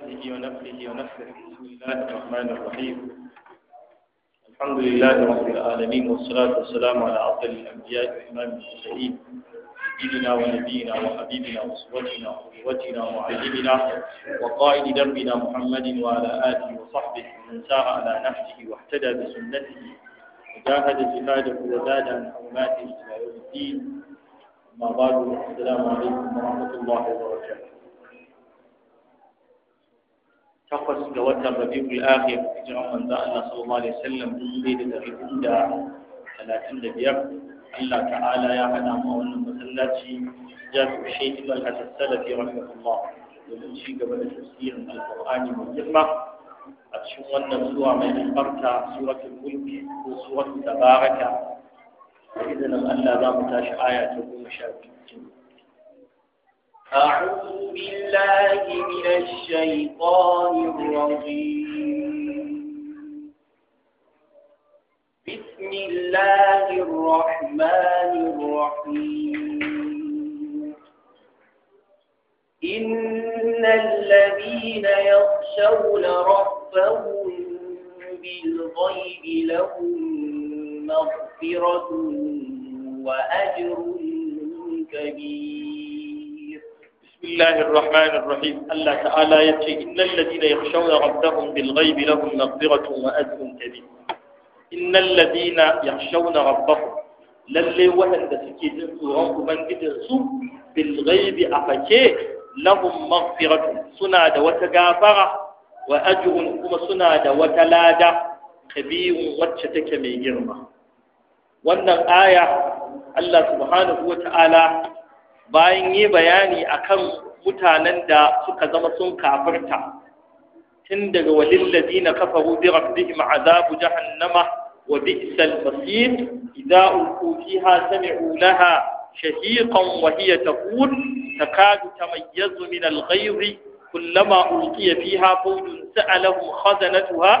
ونفسه ونفسه بسم الله الرحمن الرحيم الحمد لله رب العالمين والصلاة والسلام على أفضل الأنبياء وإمام المرسلين سيدنا ونبينا وحبيبنا وأسوتنا وقدوتنا ومعلمنا وقائد دربنا محمد وعلى آله وصحبه من سار على نهجه واهتدى بسنته وجاهد جهاده وزاد عن حرماته إلى يوم الدين أما بعد السلام عليكم ورحمة الله وبركاته takwas ga watan rabi'ul akhir hijiran manzo Allah sallallahu alaihi wasallam dubu da dari da talatin da biyar Allah ta'ala ya hada mu wannan masallaci jami'u shaykh ibn hasan salafi rahimahullah domin ci gaba da tafsirin alqur'ani mai girma a cikin wannan zuwa mai albarka suratul mulk ko suratul tabaraka idan Allah za mu tashi aya ta goma sha biyu أعوذ بالله من الشيطان الرجيم بسم الله الرحمن الرحيم إن الذين يخشون ربهم بالغيب لهم مغفرة وأجر كبير بسم الله الرحمن الرحيم الله تعالى يتي إن الذين يخشون ربهم بالغيب لهم مغفرة وأجر كبير إن الذين يخشون ربهم للي وأن تسكيد رب من سوء بالغيب أفكي لهم مغفرة سنة وتغافرة وأجر كما سنة وتلادة كبير وتشتك من جرمة وأن الآية الله سبحانه وتعالى bayan yi bayani akan mutanen da suka zama sun kafirta tun daga walil ladina kafaru bi rabbihim azabu jahannama wa bi'sal masir idza ulqu fiha sami'u laha shahiqan wa hiya taqul takadu tamayyazu min al-ghayz كلما ألقي فيها فوج سألهم خزنتها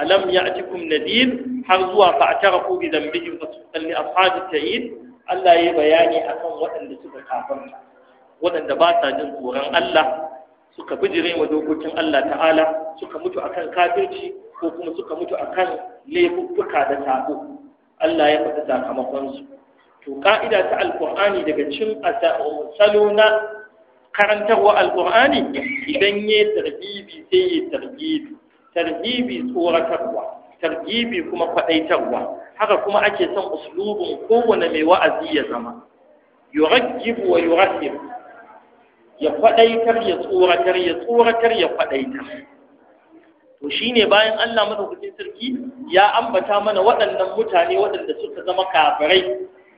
ألم يأتكم نذير حرزوا فاعترفوا بذنبهم فسحقا لأصحاب التعيد Allah ya yi bayani akan waɗanda suka kafarta waɗanda ba sa jin tsoron Allah suka bijire wa dokokin Allah ta'ala suka mutu akan kafirci ko kuma suka mutu akan laifuffuka da sabo Allah ya faɗi sakamakon su to ka'ida ta alqur'ani daga cin salo na karantarwa alqur'ani idan ya tarbibi sai ya tarbibi tarbibi tsoratarwa tarbibi kuma faɗaitarwa haka kuma ake son uslubin kowane mai wa'azi ya zama yurajjibu wa yurahib ya kwadaitar ya tsoratar ya tsoratar ya kwadaitar to shine bayan Allah madaukakin sarki ya ambata mana waɗannan mutane waɗanda suka zama kafirai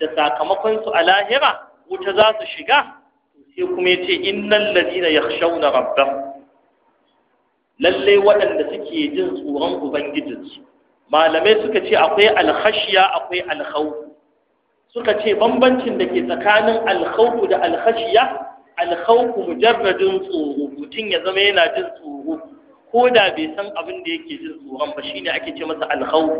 da sakamakon su a lahira wuta za su shiga sai kuma yace innal ladina yakhshawna rabbahum lalle waɗanda suke jin tsoron ubangijinsu malamai suka ce akwai alkhashiya akwai alkhawf suka ce bambancin da ke tsakanin alkhawf da alkhashiya alhauku mujarradin tsoro mutum ya zama yana jin tsoro ko da bai san abin da yake jin tsoron ba shine ake ce masa alkhawf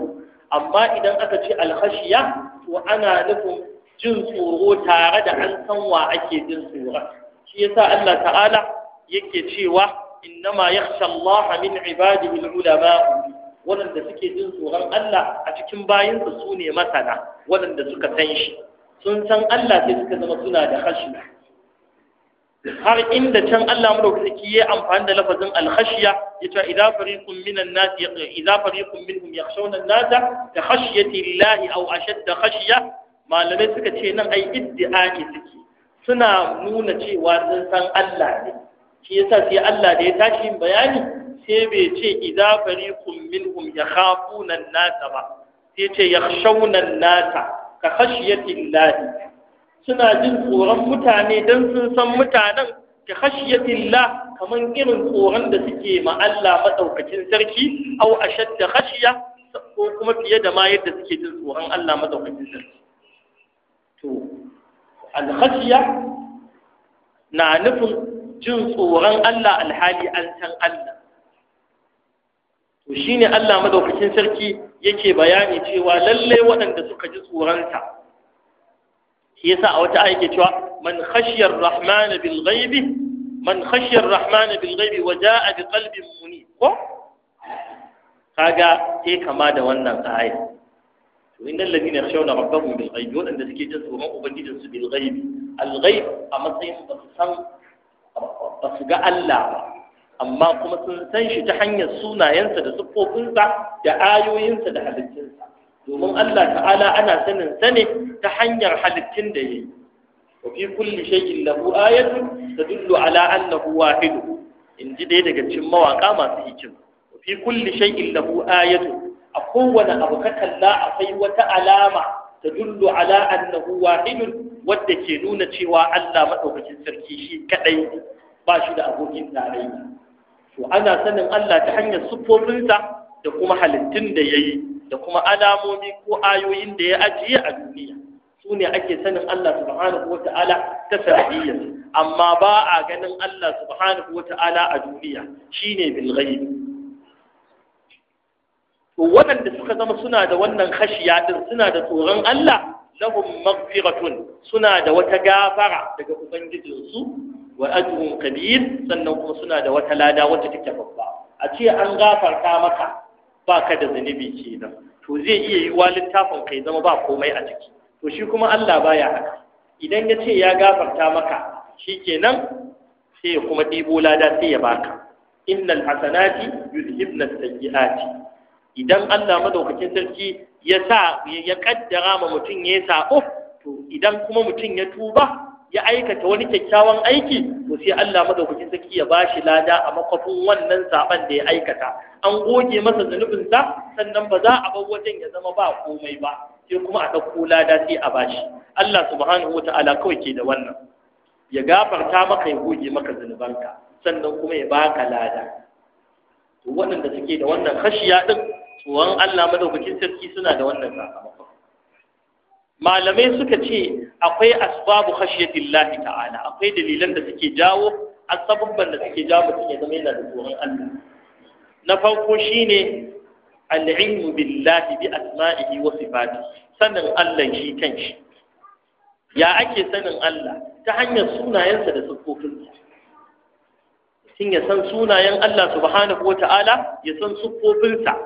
amma idan aka ce alhashiya to ana nufin jin tsoro tare da an san wa ake jin tsoron shi yasa Allah ta'ala yake cewa innama yakhsha Allah min ibadihi al-ulama waɗanda suke jin tsoron Allah a cikin bayansa su ne masana waɗanda suka san shi sun san Allah sai suka zama suna da khashiya har inda can Allah madaukaki ya amfani da lafazin al-khashiya yace idza fariqun minan nas idza fariqun minhum yakhshawna an-nasa ka khashyati Allah aw ashadda khashya malamai suka ce nan ai iddi'ai suke suna nuna cewa sun san Allah ne shi yasa sai Allah da ya tashi bayani sai bai ce idza fariqum minhum yakhafuna an-nasa ba sai ce yakhshawna an-nasa ka khashyati Allah suna jin tsoron mutane dan sun san mutanen ka khashyati Allah kaman irin tsoron da suke ma Allah madaukakin sarki au ashadda khashya ko kuma fiye da ma yadda suke jin tsoron Allah madaukakin sarki to al-khashya na nufin jin tsoron Allah alhali an san Allah to shine Allah madaukakin sarki yake bayani cewa lalle waɗanda suka ji tsoronsa shi yasa a wata ayake cewa man khashiyar rahmana bil ghaibi man khashiyar rahmana bil ghaibi wa jaa bi qalbin munib ko kaga sai kama da wannan aya to innal ladina yakhshawna rabbahum bil ghaibi waɗanda suke jin tsoron ubangijinsu bil ghaibi al ghaib a matsayin ba su san ba su ga Allah ba amma kuma sun san shi ta hanyar sunayensa da siffofinsa da ayoyinsa da halittunsa domin Allah ta'ala ana sanin sa ne ta hanyar halittun da yayi wa fi kulli shay'in lahu ayatun tadullu ala annahu wahid in ji dai daga cikin mawaka masu hikim wa fi kulli shay'in lahu ayatun a kowane abu ka kalla akwai wata alama tadullu ala annahu wahid wadda ke nuna cewa Allah madaukakin sarki shi kadai ba shi da abokin tarayya to ana sanin Allah ta hanyar siffofinsa da kuma halittun da ya yi da kuma alamomi ko ayoyin da ya ajiye a duniya su ne ake sanin Allah subhanahu ta'ala ta sanadiyyar amma ba a ganin Allah subhanahu ta'ala a duniya shine bil ghaib to waɗanda suka zama suna da wannan hashiya din suna da tsoron Allah lahum maghfiratun suna da wata gafara daga ubangijinsu wa ajrun kabir sannan kuma suna da wata lada wacce take babba a ce an gafarta maka baka da zunubi kenan to zai iya yi wa littafin kai zama ba komai a ciki to shi kuma Allah baya haka idan ya ce ya gafarta maka shi shikenan sai ya kuma ɗibo lada sai ya baka innal hasanati yuzhibna sayyiati idan Allah madaukakin sarki ya sa ya kaddara ma mutum ya sa'o to idan kuma mutum ya tuba ya aikata wani kyakkyawan aiki to sai Allah madaukakin sarki ya bashi lada a makwafin wannan zaben da ya aikata an goge masa zunubin sa sannan ba za a bar wajen ya zama ba komai ba sai kuma a dauko lada sai a bashi Allah subhanahu wata'ala kawai ke da wannan ya gafarta maka ya goge maka zanubanka sannan kuma ya baka lada to waɗanda suke da wannan khashiya din tsoron Allah madaukakin sarki suna da wannan sakamako malamai suka ce akwai asbabu khashiyatillahi ta'ala akwai dalilan da suke jawo asabban da suke jawo mutum ya zama yana da tsoron Allah na farko shine al-ilmu billahi bi asma'ihi wa sifatihi sanin Allah shi kanshi ya ake sanin Allah ta hanyar sunayensa da siffofinsa Sun ya san sunayen Allah subhanahu wa ta'ala ya san siffofinsa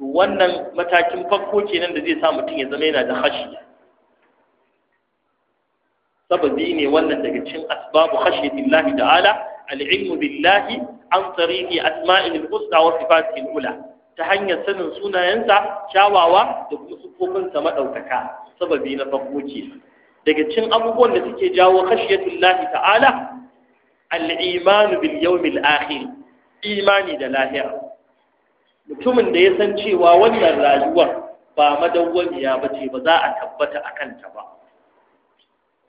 to wannan matakin farko kenan da zai sa mutum ya zama yana da khashiya sababi ne wannan daga cin asbabu khashiyatillahi ta'ala al-ilmu billahi an tariqi asma'il husna wa sifatihi al ta hanyar sanin sunayensa kyawawa da kuma sufofinsa madaukaka sababi na farko ce daga cin abubuwan da suke jawo khashiyatillahi ta'ala al-iman bil yawmil akhir imani da lahira mutumin da ya san cewa wannan rayuwar ba madawwamiya bace ba za a tabbata akan ta ba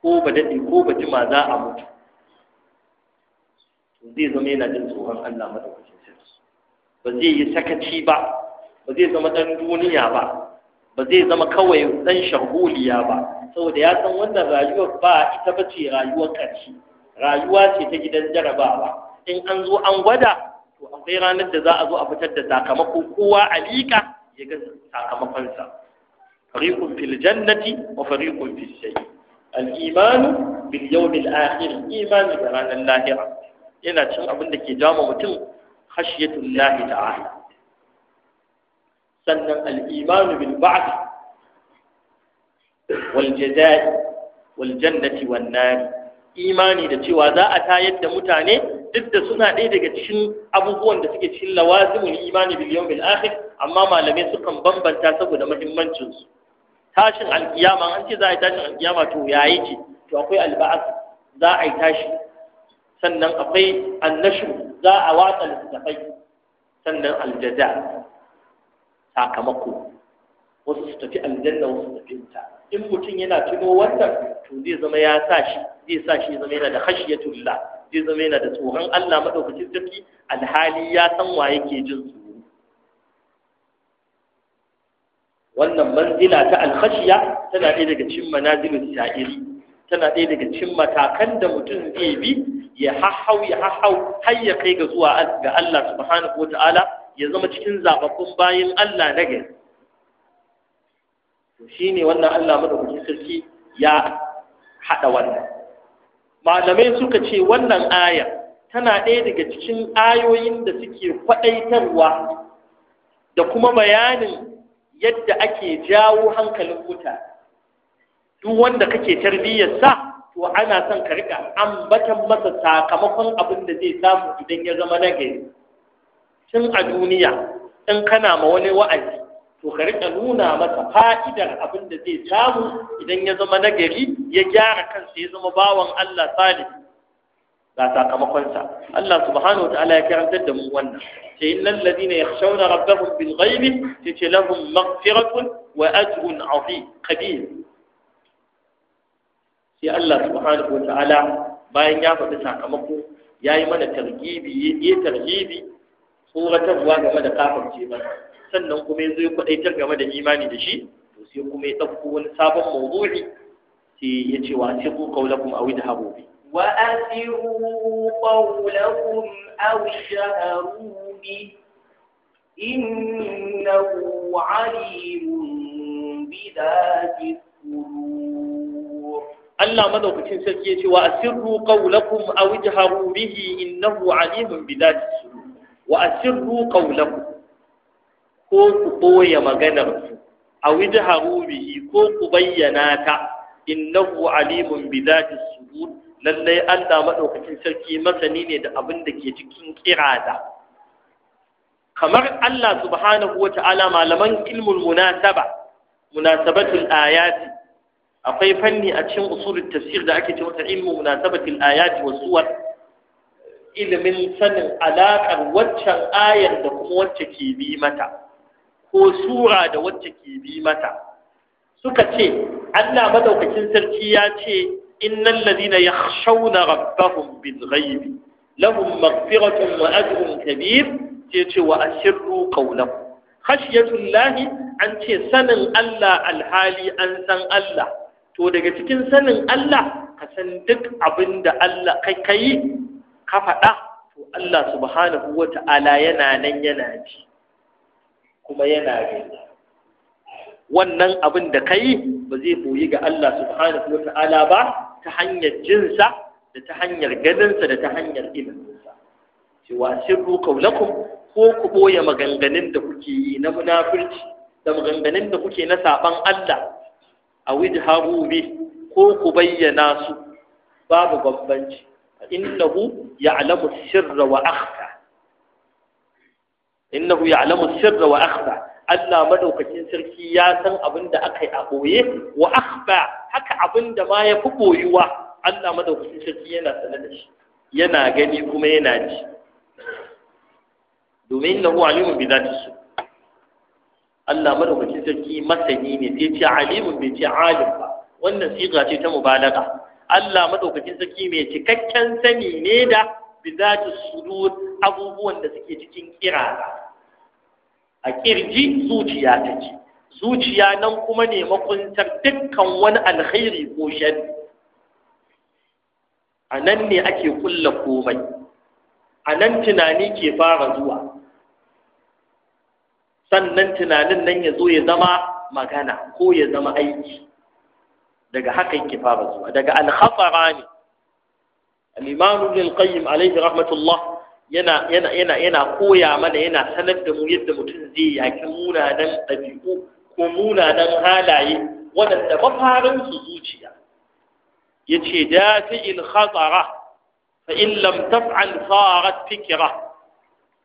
ko ba daɗe ko ba jima za a mutu zai zama yana jin tsoron Allah madaukakin sarki ba zai yi sakaci ba ba zai zama ɗan duniya ba ba zai zama kawai ɗan sharholiya ba saboda ya san wannan rayuwar ba ita ba ce rayuwar ƙarshe rayuwa ce ta gidan jarabawa in an zo an gwada to akwai ranar da za a zo a fitar da sakamako kowa a liƙa ya ga sakamakonsa fariqun fil jannati wa fariqun fis shayi al-imanu bil yawmil da ranar lahira yana cin abin da ke jama mutum khashiyatul lahi ta'ala sannan al-imanu bil ba'd imani da cewa za a tayar da mutane duk da suna ɗaya daga cikin abubuwan da suke cikin lawazimul imani bil yawmil akhir amma malamai sukan bambanta saboda muhimmancin su tashin alkiyama an ce za a yi tashin alkiyama to ya yi ce to akwai alba'as za a yi tashi sannan akwai annashu za a watsa littattafai sannan aljada sakamako wasu su tafi aljanna wasu tafi wuta in mutum yana tuno wannan to zai zama ya sa shi zai sa shi zama yana da khashiyatullah zai zama yana da tsoron Allah madaukakin sarki alhali ya san wa yake jin wannan manzila ta alkhashiya tana ɗaya daga cikin manazilin sha'iri tana ɗaya daga cikin matakan da mutum zai bi ya hahau ya hahau har ya kai ga zuwa ga Allah subhanahu wata'ala ya zama cikin zababbun bayin Allah na gari shine wannan Allah madaukakin sarki ya haɗa wannan malamai suka ce wannan aya tana ɗaya daga cikin ayoyin da suke kwaɗaitarwa da kuma bayanin yadda ake jawo hankalin mutane duk wanda kake tarbiyyarsa to ana son ka rika ambatan masa sakamakon abin da zai samu idan ya zama nagari tun a duniya in kana ma wani wa'azi to ka rika nuna masa fa'idar abin da zai samu idan ya zama nagari ya gyara kansa ya zama bawan Allah salihu ga sa. Allah subhanahu wataala ya karantar da mu wannan sai innal ladina yakhshawna rabbahum bil ghaibi tace lahum maghfiratun wa ajrun azim kabir sai Allah subhanahu wataala bayan ya faɗi sakamako yayi mana targibi ya targibi tsoratarwa game da ce mana sannan kuma zai ya game da imani da shi to sai kuma ya dauko wani sabon mawdu'i sai ya ce wa asiqu qawlakum aw idhabu bihi وأسروا قولهم أو شهروا به إنه عليم بذات Allah madaukakin sarki ya ce wa asirru qawlakum aw ijharu bihi innahu alimun bi dhati wa asirru qawlakum ko ku boye maganar a aw ijharu bihi ko ku bayyana ta in na innahu alimun bi dhati lallai Allah maɗaukakin sarki masani ne da abin da ke cikin kirada kamar Allah subhanahu wa ta'ala malaman ilmul munasaba munasabatul ayati akwai fanni a cikin usulul tafsir da ake cewa ilmul munasabatul ayati wa suwar ilimin sanin alaƙar waccan ayar da kuma wacce ke bi mata ko sura da wacce ke bi mata suka ce Allah madaukakin sarki ya ce innal ladina yakhshawna rabbahum bil ghaibi lahum maghfiratun wa ajrun kabir ce ce wa asirru qawlakum khashiyatul lahi an ce sanin Allah alhali an san Allah to daga cikin sanin Allah ka san duk abin da Allah kai kai ka faɗa to Allah subhanahu wata'ala yana nan yana ji kuma yana gani wannan abin da kai ba zai koyi ga Allah subhanahu wa ta'ala ba ta hanyar jinsa da ta hanyar ganinsa da ta hanyar ilminsa cewa sirru kaulakum ko ku boye maganganun da kuke yi na munafurci da maganganun da kuke na saban Allah a wajharu bi ko ku bayyana su babu bambanci innahu ya'lamu sirra wa akhfa innahu ya'lamu sirra wa akhfa Allah madaukakin sarki ya san abin da aka yi a boye wa akhba haka abin da ma ya fi boyuwa Allah madaukakin sarki yana sanar da shi yana gani kuma yana ji domin innahu alimun bi zati su Allah madaukakin sarki masani ne sai ce alimun bai ce alim ba wannan siga ce ta mubalaga Allah madaukakin sarki mai cikakken sani ne da bi zati sudur abubuwan da suke cikin kirara a kirji zuciya take zuciya nan kuma ne makuntar dukkan wani alkhairi ko shari a nan ne ake kulla komai a nan tunani ke fara zuwa sannan tunanin nan ya zo ya zama magana ko ya zama aiki daga haka yake fara zuwa daga alhafara ne al-imam ibn al-qayyim alayhi rahmatullah yana yana yana yana koya mana yana sanar da mu yadda mutum zai yaki munanan ɗabi'u ko munanan halaye waɗanda mafarin su zuciya ya ce da ta dafi'il khatara fa in lam taf'al farat fikra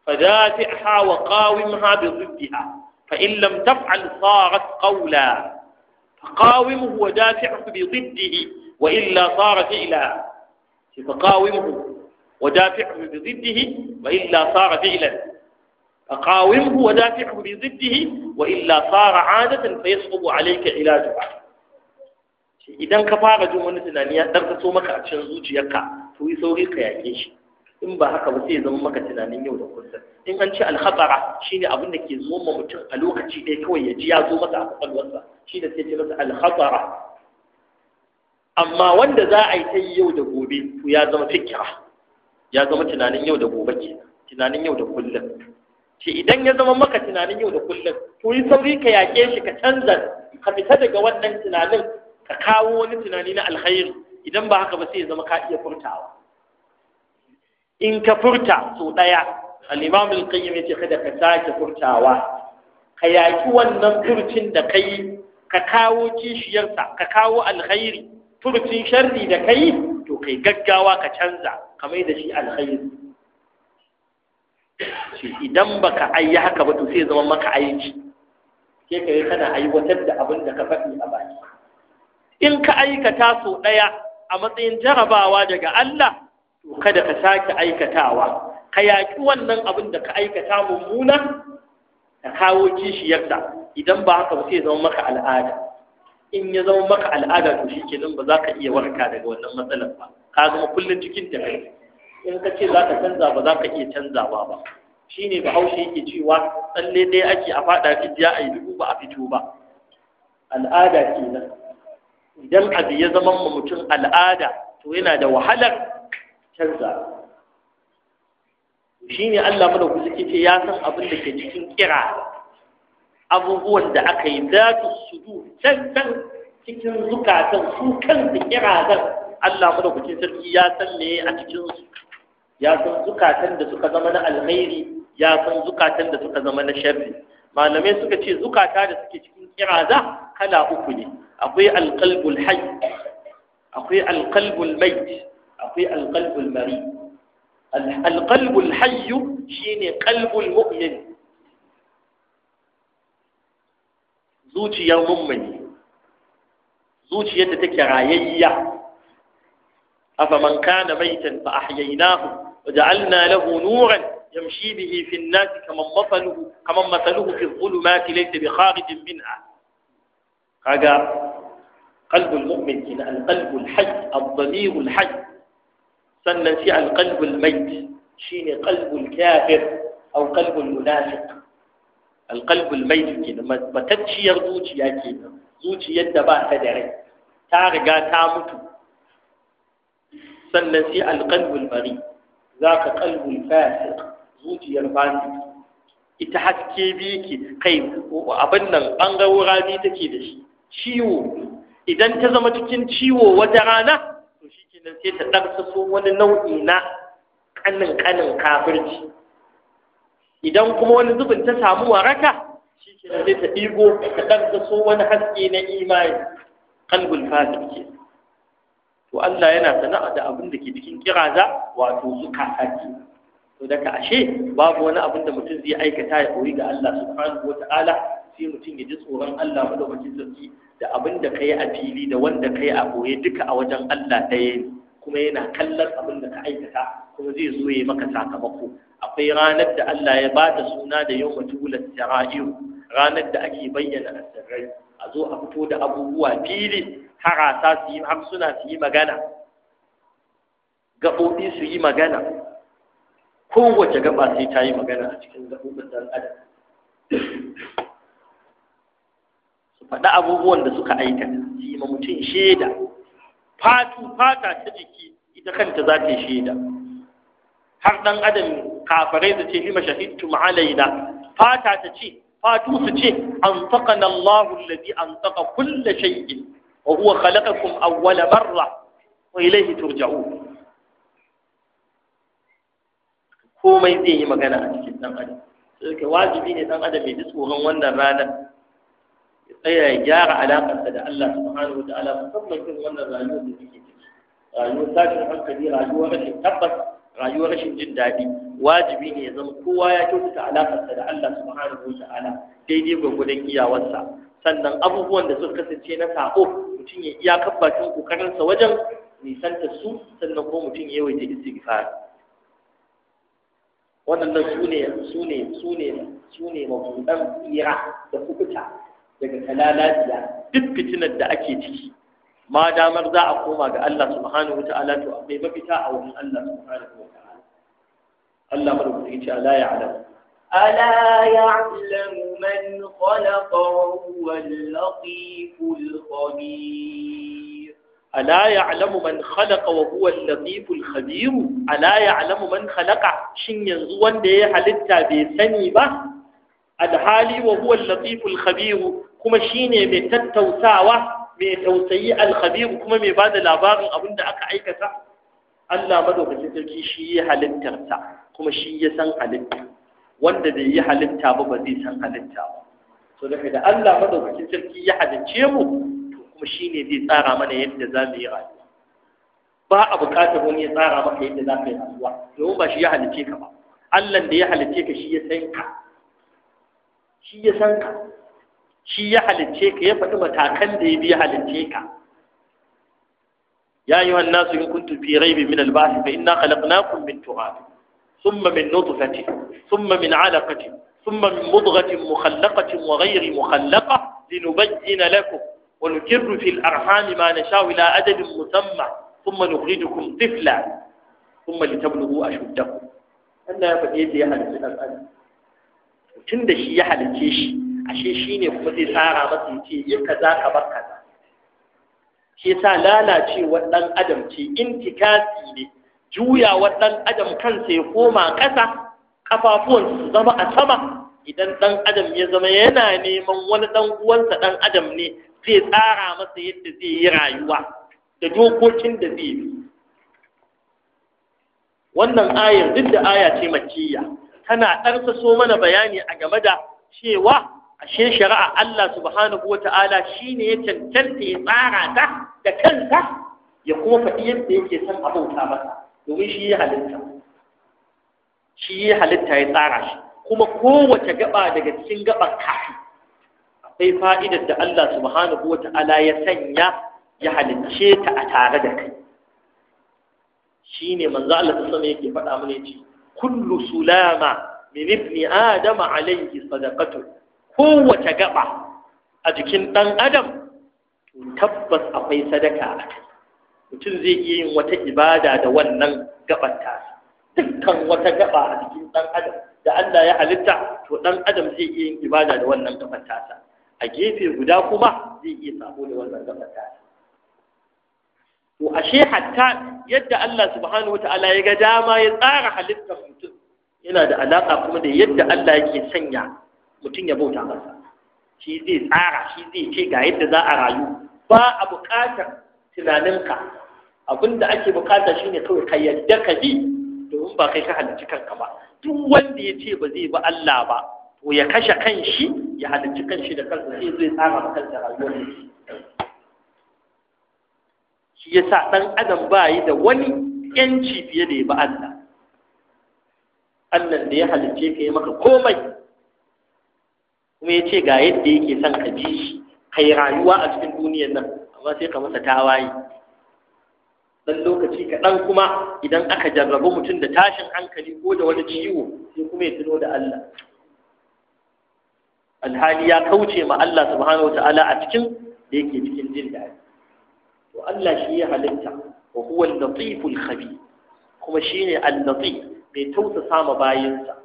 فدافعها وقاومها بضدها فإن لم تفعل صارت قولا فقاومه ودافعه بضده وإلا صار فعلا فقاومه ودافعه بضده وإلا صار فعلا أقاومه ودافعه بضده وإلا صار عادة فيصعب عليك علاجها idan ka fara jin wani tunani ya so maka a cikin zuciyarka to yi sauri ka yake shi in ba haka ba sai ya zama maka tunanin yau da kullum in an ce alhatara shine abin da ke zo ma mutum a lokaci ɗaya kawai ya ji ya zo masa a kwakwalwarsa shi da sai ce masa alhatara amma wanda za a yi ta yau da gobe to ya zama fikira ya zama tunanin yau da gobe ke tunanin yau da kullum shi idan ya zama maka tunanin yau da kullum to yi sauri ka yaƙe shi ka canza ka fita daga wannan tunanin ka kawo wani tunani na alkhairi idan ba haka ba sai ya zama ka iya furtawa in ka furta so ɗaya al-imam al-qayyim yace kada ka sake furtawa ka yaƙi wannan furcin da kai ka kawo kishiyarsa ka kawo alkhairi furcin sharri da kai to kai gaggawa ka canza ka mai da shi alkhairi idan baka ayi haka ba to sai zama maka aiki ke kai kana aiwatar da abin da ka faɗi a baki in ka aikata so ɗaya a matsayin jarabawa daga Allah to kada ka sake aikatawa ka yaƙi wannan abin da ka aikata mummuna ka kawo yadda idan ba haka ba sai zama maka al'ada in ya zama maka al'ada to shi kenan ba za ka iya warka daga wannan matsalar ba ka zama kullum cikin tafiya in ka ce za ka canza ba za ka iya canzawa ba shi ne bahaushe yake cewa tsalle ɗaya ake a faɗa fidiya a yi dubu ba a fito ba al'ada kenan idan abu ya zama ma mutum al'ada to yana da wahalar canza shi ne Allah mana ku ke ce ya san abin da ke cikin kira abubuwan da aka yi zatu su can can cikin zukatan su kan su kirazan Allah kucin sarki ya san me a cikin su ya san zukatan da suka zama na alheri, ya san zukatan da suka zama na sharri malamai suka ce zukata da suke cikin kiraza kala uku ne akwai alqalbul hayy akwai alqalbul mayt akwai alqalbul mari alqalbul hayy shine qalbul mu'min zuciyar mummuni zuciyar da take rayayya afaman kana maitan fa ahyaynahu waja'alna lahu nuran yamshi bihi fi an-nas kaman masaluhu kaman masaluhu fi adh-dhulumati bi kharijin minha kaga qalbul mu'min kina al-qalbul hayy ad-dhamirul sannan si al-qalbul mayt shine qalbul kafir aw qalbul munafiq Alƙalbul mai mayt kenan matacciyar zuciya kenan zuciyar da ba ta da rai ta riga ta mutu sannan sai alqalbul bari zaka qalbul fasiq zuciyar fasik ita haske biyu ke kai abin nan an ga wurare take da shi ciwo idan ta zama cikin ciwo wata rana to shi kenan sai ta ɗarsa so wani nau'i na ƙanin ƙanin kafirci idan kuma wani zubin ta samu waraka shi ke zai ta ɗigo ta so wani haske na imani kalbul fasik ke to Allah yana sana'a da abin da ke cikin kiraza wato zuka ke to daga ashe babu wani abin da mutum zai aikata ya koyi ga Allah subhanahu wata'ala sai mutum ya ji tsoron Allah madaukakin sarki da abin da ka yi a fili da wanda ka yi a koye duka a wajen Allah ɗaya ne kuma yana kallon abin da ka aikata kuma zai zo ya maka sakamako akwai ranar da Allah ya ba ta suna da yau matulat sara'iru ranar da ake bayyana asirrai a zo a fito da abubuwa fili harasa su yi su yi magana gaɓoɓi su yi magana kowace gaba sai ta yi magana a cikin gaɓoɓin ɗan adam su faɗi abubuwan da suka aikata su yi ma mutum shaida fatu fata ta jiki ita kanta za ta yi shaida har ɗan adam kafirai su ce lima shahidtum alaina fata ta ce fatu su ce an taqana Allahu alladhi an saka kull shay'in wa huwa khalaqakum awwala marra wa ilayhi turja'u. komai zai yi magana a cikin dan adam sai wajibi ne dan adam ya ji tsoron wannan ranar ya tsaya ya gyara alaƙarsa da Allah subhanahu wa ta'ala musamman irin wannan rayuwar da take ciki rayuwar tashin hankali rayuwar rashin tabbas rayuwar rashin jin daɗi wajibi ne ya zama kowa ya kyautata alaƙarsa da Allah subhanahu wa ta'ala daidai gwagwadon iyawarsa sannan abubuwan da suka kasance na sako mutum ya iya kabbacin ƙoƙarinsa wajen nisanta su sannan ko mutum ya yawaita istighfar waɗannan su ne su ne su ne su ne mabuɗan tsira da kukuta daga kalalaciya duk fitinar da ake ciki ma damar za a koma ga Allah subhanahu wa ta'ala to akwai mafita a wurin Allah subhanahu wa ta'ala Allah ba da ce ala ya alam. Ala ya alam man kwalaka shin yanzu wanda ya halitta bai sani ba alhali wa huwa latiful khabir kuma shine mai tattausawa mai tausayi al khabir kuma mai bada labarin abinda aka aikata Allah madaukakin sarki shi ya halittarsa kuma shi ya san halitta wanda bai yi halitta ba ba zai san halitta ba So to daga da Allah madaukakin sarki ya halicce mu to kuma shi ne zai tsara mana yadda za mu yi rayuwa ba a buƙatar wani ya tsara maka yadda za ka yi rayuwa domin ba shi ya halicce ka ba Allah da ya halicce ka shi ya san ka shi ya san ka shi ya halicce ka ya faɗi matakan da ya bi ya halicce ka يا أيها الناس إن كنتم في ريب من البعث فإنا خلقناكم من تراب ثم من نطفة ثم من علقة ثم من مضغة مخلقة وغير مخلقة لنبين لكم ونكر في الأرحام ما نشاء إلى أجل مسمى ثم نخرجكم طفلا ثم لتبلغوا أشدكم أنا يا فديد يا حلف الأسئلة tun da shi ya halice shi ashe shi ne kuma zai tsara masa ya ce yi kaza ka bar shi sa lalacewar ɗan adam ce intikasi ne juyawar ɗan adam kansa ya koma ƙasa ƙafafuwan su zama a sama idan ɗan adam ya zama yana neman wani ɗan uwansa ɗan adam ne zai tsara masa yadda zai yi rayuwa da dokokin da zai bi wannan ayar duk da aya ce makiyya tana ɗarsa so mana bayani a game da cewa ashe shari'a Allah subhanahu wa ta'ala ya cancanta ya tsara ta da kansa ya kuma faɗi yadda yake son abauta masa domin shi ya halitta shi ya halitta ya tsara shi kuma kowace gaba daga cikin gaban kafin akwai fa'idar da Allah subhanahu wa ta'ala ya sanya ya halicce ta a tare da kai shi ne manzo Allah ta sama yake faɗa mana ya ce kullu sulama min ibni adama alayhi sadaqatun kowace gaba a jikin ɗan adam tabbas akwai sadaka a kai mutum zai iya yin wata ibada da wannan gaban tasa dukkan wata gaba a jikin ɗan adam da Allah ya halitta to ɗan adam zai iya yin ibada da wannan gaban tasa a gefe guda kuma zai iya samu da wannan gaban tasa to ashe hatta yadda Allah subhanahu wataala ya ga dama ya tsara halittar mutum yana da alaƙa kuma da yadda Allah yake sanya mutum ya bauta masa shi zai tsara shi zai ce ga yadda za a rayu ba a buƙatar tunaninka abin da ake buƙata shine kawai ka yadda ka bi domin ba kai ka halicci kanka ba duk wanda ya ce ba zai bi Allah ba to ya kashe kan shi ya halicci shi da kansa sai zai tsara ma kansa rayuwar shi sa ɗan adam ba yi da wani yanci fiye da ya ba Allah Allah da ya halicce ka yi maka komai kuma ya ce ga yadda yake son ka ji shi kai rayuwa a cikin duniyar nan amma sai ka masa tawaye dan lokaci kaɗan kuma idan aka jarrabu mutum da tashin hankali ko da wani ciwo sai kuma ya tuno da Allah alhali ya kauce ma Allah subhanahu wa ta'ala a cikin da yake cikin jin daɗi to Allah shi ya halitta wa huwa al-latiful khabir kuma shine al-latif mai tausasa ma bayinsa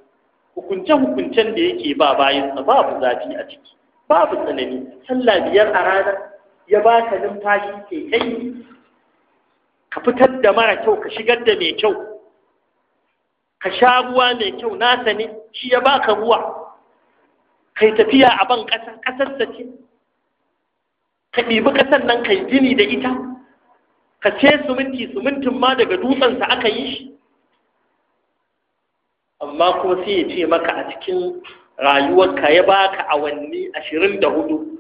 hukunce-hukuncen da yake ba bayansa babu zafi a ciki babu tsanani sallah biyar a rana ya ba ka numfashi ke kai ka fitar da mara kyau ka shigar da mai kyau ka sha ruwa mai kyau na sani, shi ya baka ruwa kai tafiya a ban ƙasar da ce ka ɗibi ƙasar nan kai jini da ita ka ce suminti sumintin ma daga dutsensa aka yi shi amma kuma sai ya ce maka a cikin rayuwarka ya baka awanni ashirin da hudu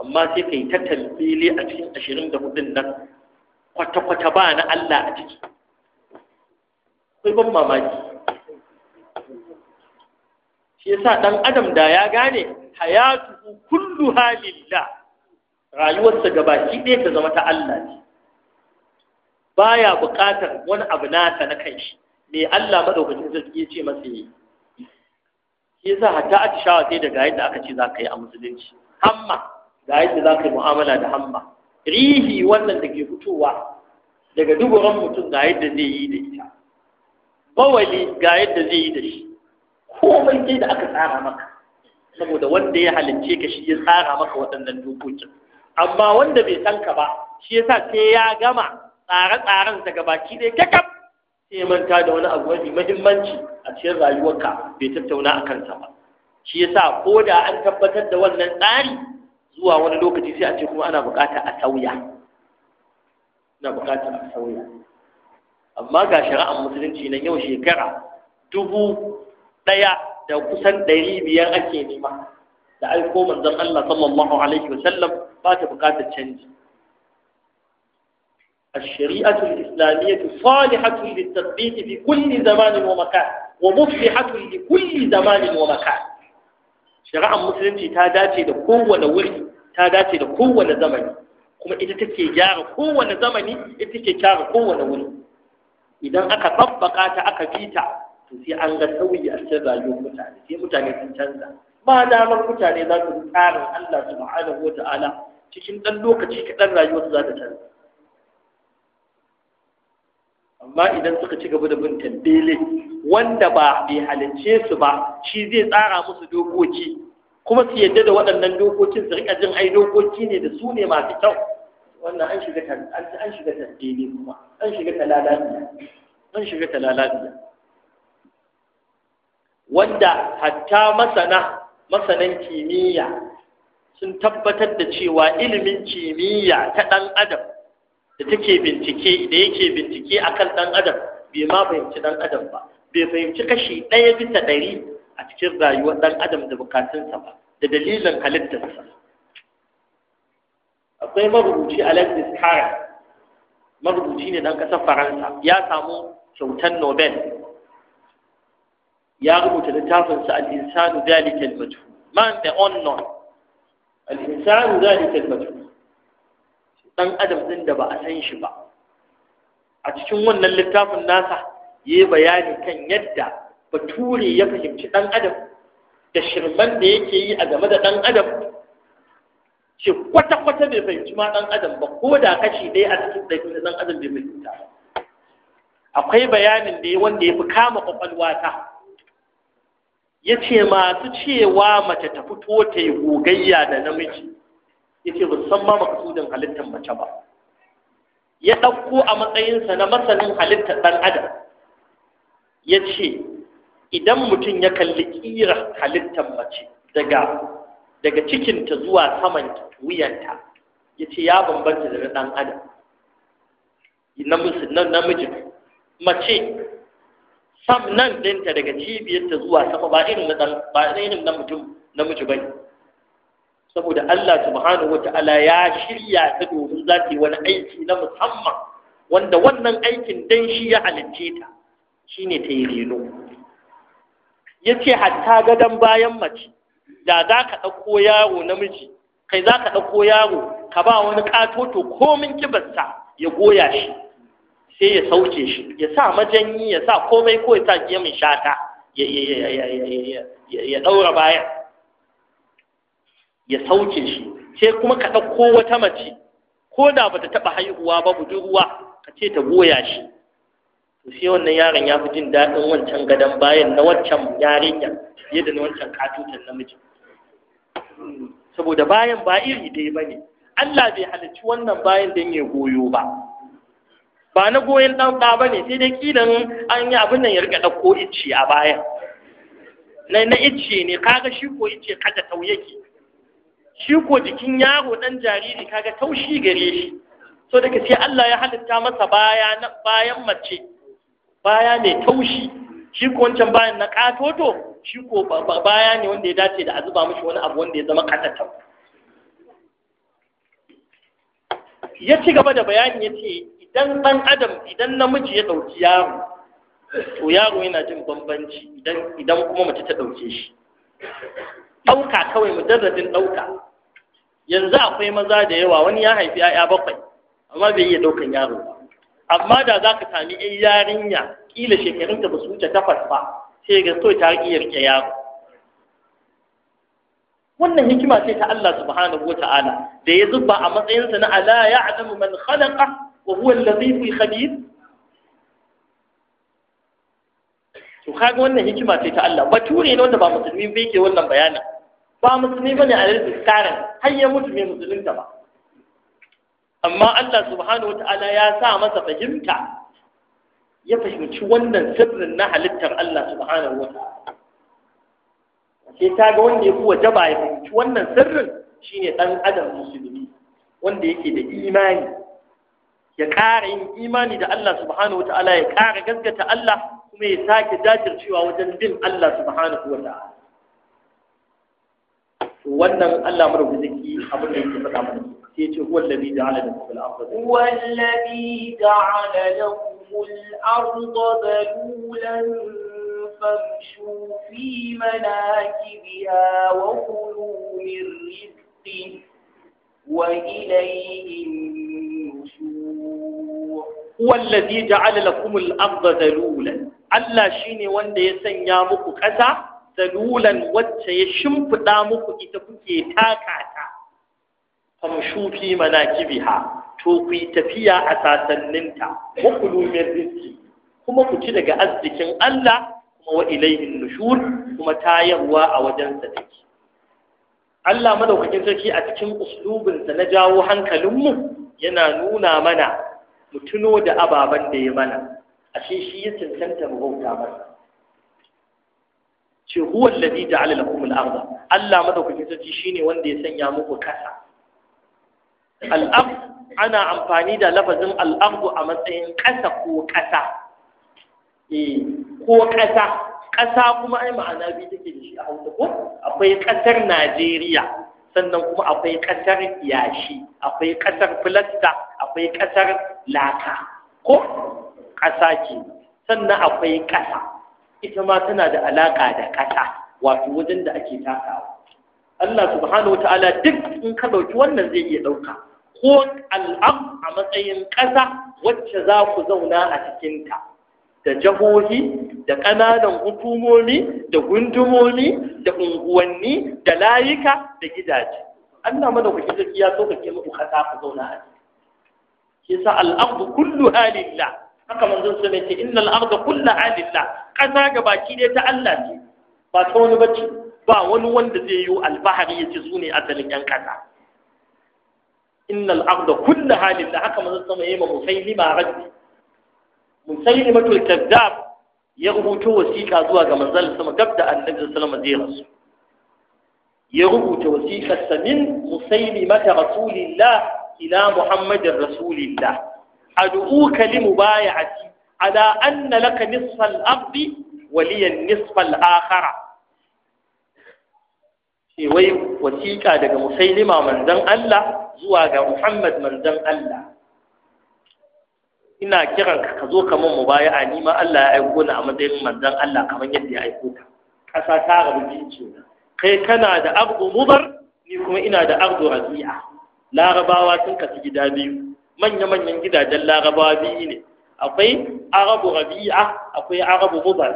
amma sai ka yi ta tambili a cikin ashirin da hudun nan kwata-kwata ba na Allah a ciki sai ban mamaki shi yasa dan adam da ya gane hayatu kullu da rayuwarsa gabaki ɗaya ta zama ta Allah ce baya buƙatar wani abu nasa na kanshi me Allah madaukakin sarki ya ce masa yi shi yasa hatta atishawa sai da ga yadda aka ce za ka yi a musulunci hamma ga yadda za ka yi mu'amala da hamma rihi wannan da ke fitowa daga duburan mutum ga yadda zai yi da ita bawali ga yadda zai yi da shi komai sai da aka tsara maka saboda wanda ya halince ka shi ya tsara maka waɗannan dokokin amma wanda bai san ka ba shi yasa sai ya gama tsare-tsaren daga baki dai kakaf sai manta da wani abu mafi mahimmanci a cikin rayuwarka bai tattauna a kansa ba shi yasa ko da an tabbatar da wannan tsari zuwa wani lokaci sai a ce kuma ana bukata a sauya na bukata a sauya amma ga shari'ar musulunci na yau shekara dubu ɗaya da kusan ɗari biyar ake nema da aiko manzon Allah sallallahu alaihi wa sallam ba ta bukatar canji الشريعة الإسلامية صالحة للتطبيق في كل زمان ومكان ومصلحة لكل زمان ومكان شرع مسلم في تاداتي لقوة لوحي تاداتي لقوة لزمني كما إذا تكي جار قوة لزمني إذا تكي جار قوة لوحي idan aka tabbaka ta aka fita to sai an ga sauyi a cikin rayuwar mutane sai mutane sun canza Ma damar mutane za su tsara Allah subhanahu wataala cikin dan lokaci kadan rayuwar su za ta canza amma idan suka ci gaba da bin tambele wanda ba bai halince su ba shi zai tsara musu dokoki kuma su yadda da waɗannan dokokin su rika jin ai dokoki ne da su ne masu kyau wannan an shiga an shiga tambele kuma an shiga talalabiya an shiga talalabiya wanda hatta masana masanan kimiyya sun tabbatar da cewa ilimin kimiyya ta ɗan adam da take bincike da yake bincike akan dan adam bai ma fahimci dan adam ba bai fahimci kashi ɗaya bisa ɗari a cikin rayuwar dan adam da bukatunsa ba da dalilin halittarsa akwai marubuci alexis karen marubuci ne dan ƙasar faransa ya samu kyautar nobel ya rubuta littafinsa al-insanu dalikal majhul man the unknown al-insanu dalikal majhul ɗan adam ɗin da ba a san shi ba a cikin wannan littafin nasa ya yi bayani kan yadda bature ya fahimci ɗan adam da shirman da yake yi a game da ɗan adam ce kwata-kwata bai fahimci ma ɗan adam ba ko da kashi ɗaya a cikin ɗaya da ɗan adam bai fahimta akwai bayanin da ya wanda ya fi kama kwakwalwa ya ce masu cewa mace ta fito ta yi gogayya da namiji yace ba san ma makasudin halittar mace ba ya ɗauko a matsayinsa na masanin halittar ɗan adam Yace idan mutum ya kalli ƙira halittar mace daga daga cikinta zuwa saman wuyanta ya ya bambanta da ɗan adam namijin mace sam nan ɗinta daga cibiyarta zuwa sama ba irin na mutum namiji bane. saboda Allah subhanahu wata'ala ya shirya ta domin za ta yi wani aiki na musamman wanda wannan aikin dan shi ya halince ta shi ne ta yi reno ya ce hatta gadon bayan mace da za ka ɗauko yaro namiji kai za ka ɗauko yaro ka ba wani ƙatoto komin kibarsa ya goya shi sai ya sauke shi ya sa majanyi ya sa komai ko ya sa gemun shata ya ɗaura bayan ya sauke shi sai kuma ka ɗauko wata mace ko da bata taɓa haihuwa ba budurwa ka ce ta goya shi to sai wannan yaron ya fi jin daɗin wancan gadon bayan na wancan yarinya fiye da na wancan katutan namiji saboda bayan ba iri ɗaya ba ne Allah bai halarci wannan bayan don ya goyo ba ba na goyon ɗan ɗa ba ne sai dai kilan an yi abin nan ya riƙa ɗauko icce a bayan na na icce ne kaga shi ko icce kada tau yake shi ko jikin yaro ɗan jariri kaga taushi gare shi so daga sai Allah ya halitta masa baya na bayan mace baya mai taushi shi ko wancan bayan na katoto shi ko baya ne wanda ya dace da a zuba mishi wani abu wanda ya zama katata ya ci gaba da bayani ya ce idan ɗan adam idan namiji ya ɗauki yaro to yaro yana jin bambanci idan kuma mace ta ɗauke shi ɗauka kawai mujarradin ɗauka yanzu akwai maza da yawa wani ya haifi ya'ya bakwai amma bai iya ɗaukan yaro ba amma da za ka sami ɗan yarinya ƙila shekarunta ba su wuce takwas ba sai ga so ta iya riƙe yaro wannan hikima ce ta Allah subhanahu wata'ala da ya zuba a matsayinsa na ala alamu man khalaqa wa huwa al khabir to kaga wannan hikima ce ta Allah bature ne wanda ba musulmi bai ke wannan bayanin ba musulmi ne a lalata tsarin har ya mutu mai musulunta ba amma Allah subhanahu ta'ala ya sa masa fahimta ya fahimci wannan sirrin na halittar Allah subhanahu ta'ala. sai ta ga wanda ya kuwa jaba ya fahimci wannan sirrin shine dan adam musulmi wanda yake da imani ya ƙara yin imani da Allah subhanahu ta'ala ya ƙara gaskata Allah kuma ya sake jajircewa wajen bin Allah subhanahu ta'ala. wannan Allah madaukaki abin da yake faɗa mana sai ce huwa allazi ja'ala lakum al-ardha huwa allazi ja'ala lakum al-ardha dalulan famshu fi manakibiha wa kulu min rizqi wa ilayhi nushur huwa allazi ja'ala lakum al-ardha dalulan Allah shine wanda ya sanya muku ƙasa dalulan wacce ya shimfiɗa muku ita kuke taka ta famshu fi kibiha to ku yi tafiya a sasanninta wa kulu min kuma ku ci daga arzikin Allah kuma wa ilaihin nushur kuma tayarwa a wajen sa take Allah madaukakin sarki a cikin uslubin na jawo hankalinmu yana nuna mana mutuno da ababen da ya mana ashe shi ya cancanta mu bauta masa ce huwa alladhi ja'ala lakum al-ardha Allah madaukaki sarki shine wanda ya sanya muku kasa al ana amfani da lafazin al a matsayin kasa ko kasa eh ko kasa kasa kuma ai ma'ana bi take da shi a Hausa ko akwai kasar Najeriya sannan kuma akwai kasar yashi akwai kasar filasta akwai kasar laka ko kasa ce sannan akwai kasa ita ma tana da alaƙa da ƙasa wato wajen da ake takawa Allah subhanahu Ta'ala duk in ka ɗauki wannan zai iya ɗauka ko al'am a matsayin ƙasa wacce za ku zauna a cikinta da jahohi da ƙananan hukumomi da gundumomi da unguwanni da layuka da gidaje Allah madaukakin sarki ya so ka muku ƙasa ku zauna a cikin. shi sa al'am kullu halillah haka manzon sun ce innal arda kullaha lillah kasa ga baki dai ta Allah ce ba ta wani bace ba wani wanda zai yi alfahari ya ce su ne asalin yan kasa innal arda kullaha lillah haka manzon sun yi ma ma musailima raddi musailimatul kazzab ya rubuto wasiƙa zuwa ga manzon sama gab da annabi sallallahu alaihi wasallam zai rasu ya rubuta wasiƙar samin musailima ta rasulillah ila muhammadin rasulillah ad'uka li mubayati ala anna laka nisfal ardi wa li nisfal akhara ce wai wasiƙa daga musailima manzon Allah zuwa ga Muhammad manzon Allah ina kiran ka ka zo ka min mubaya'a ni ma Allah ya aiko ni a matsayin manzon Allah kamar yadda ya aiko ka ƙasa ta rabu biyu ce kai kana da ardu mubar ni kuma ina da ardu rabi'a larabawa sun kasu gida biyu manya-manyan gidajen larabawa biyu ne akwai arabu rabi'a akwai arabu muzar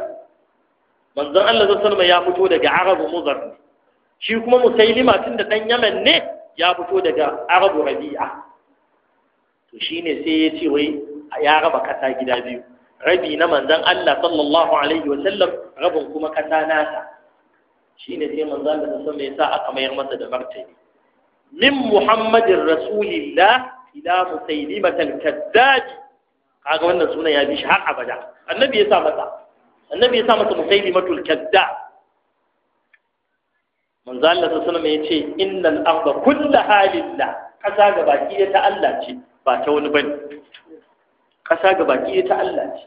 manzon Allah sallallahu ya fito daga arabu muzar shi kuma musailima tun da dan yaman ne ya fito daga arabu rabi'a to shine sai ya ce wai ya raba kasa gida biyu rabi na manzon Allah sallallahu alaihi wa sallam rabin kuma kasa nasa shine sai manzon Allah sallallahu ya sa aka mayar masa da martani min muhammadin rasulillah ila musailimatan kaddabi kaga wannan sunan ya bi shi har abada annabi ya sa masa annabi ya sa masa musailimatul kaddab manzo Allah sunan mai yace innal arda kullaha lillah kasa gabaki ita ta Allah ce ba ta wani bane kasa gabaki ita ta Allah ce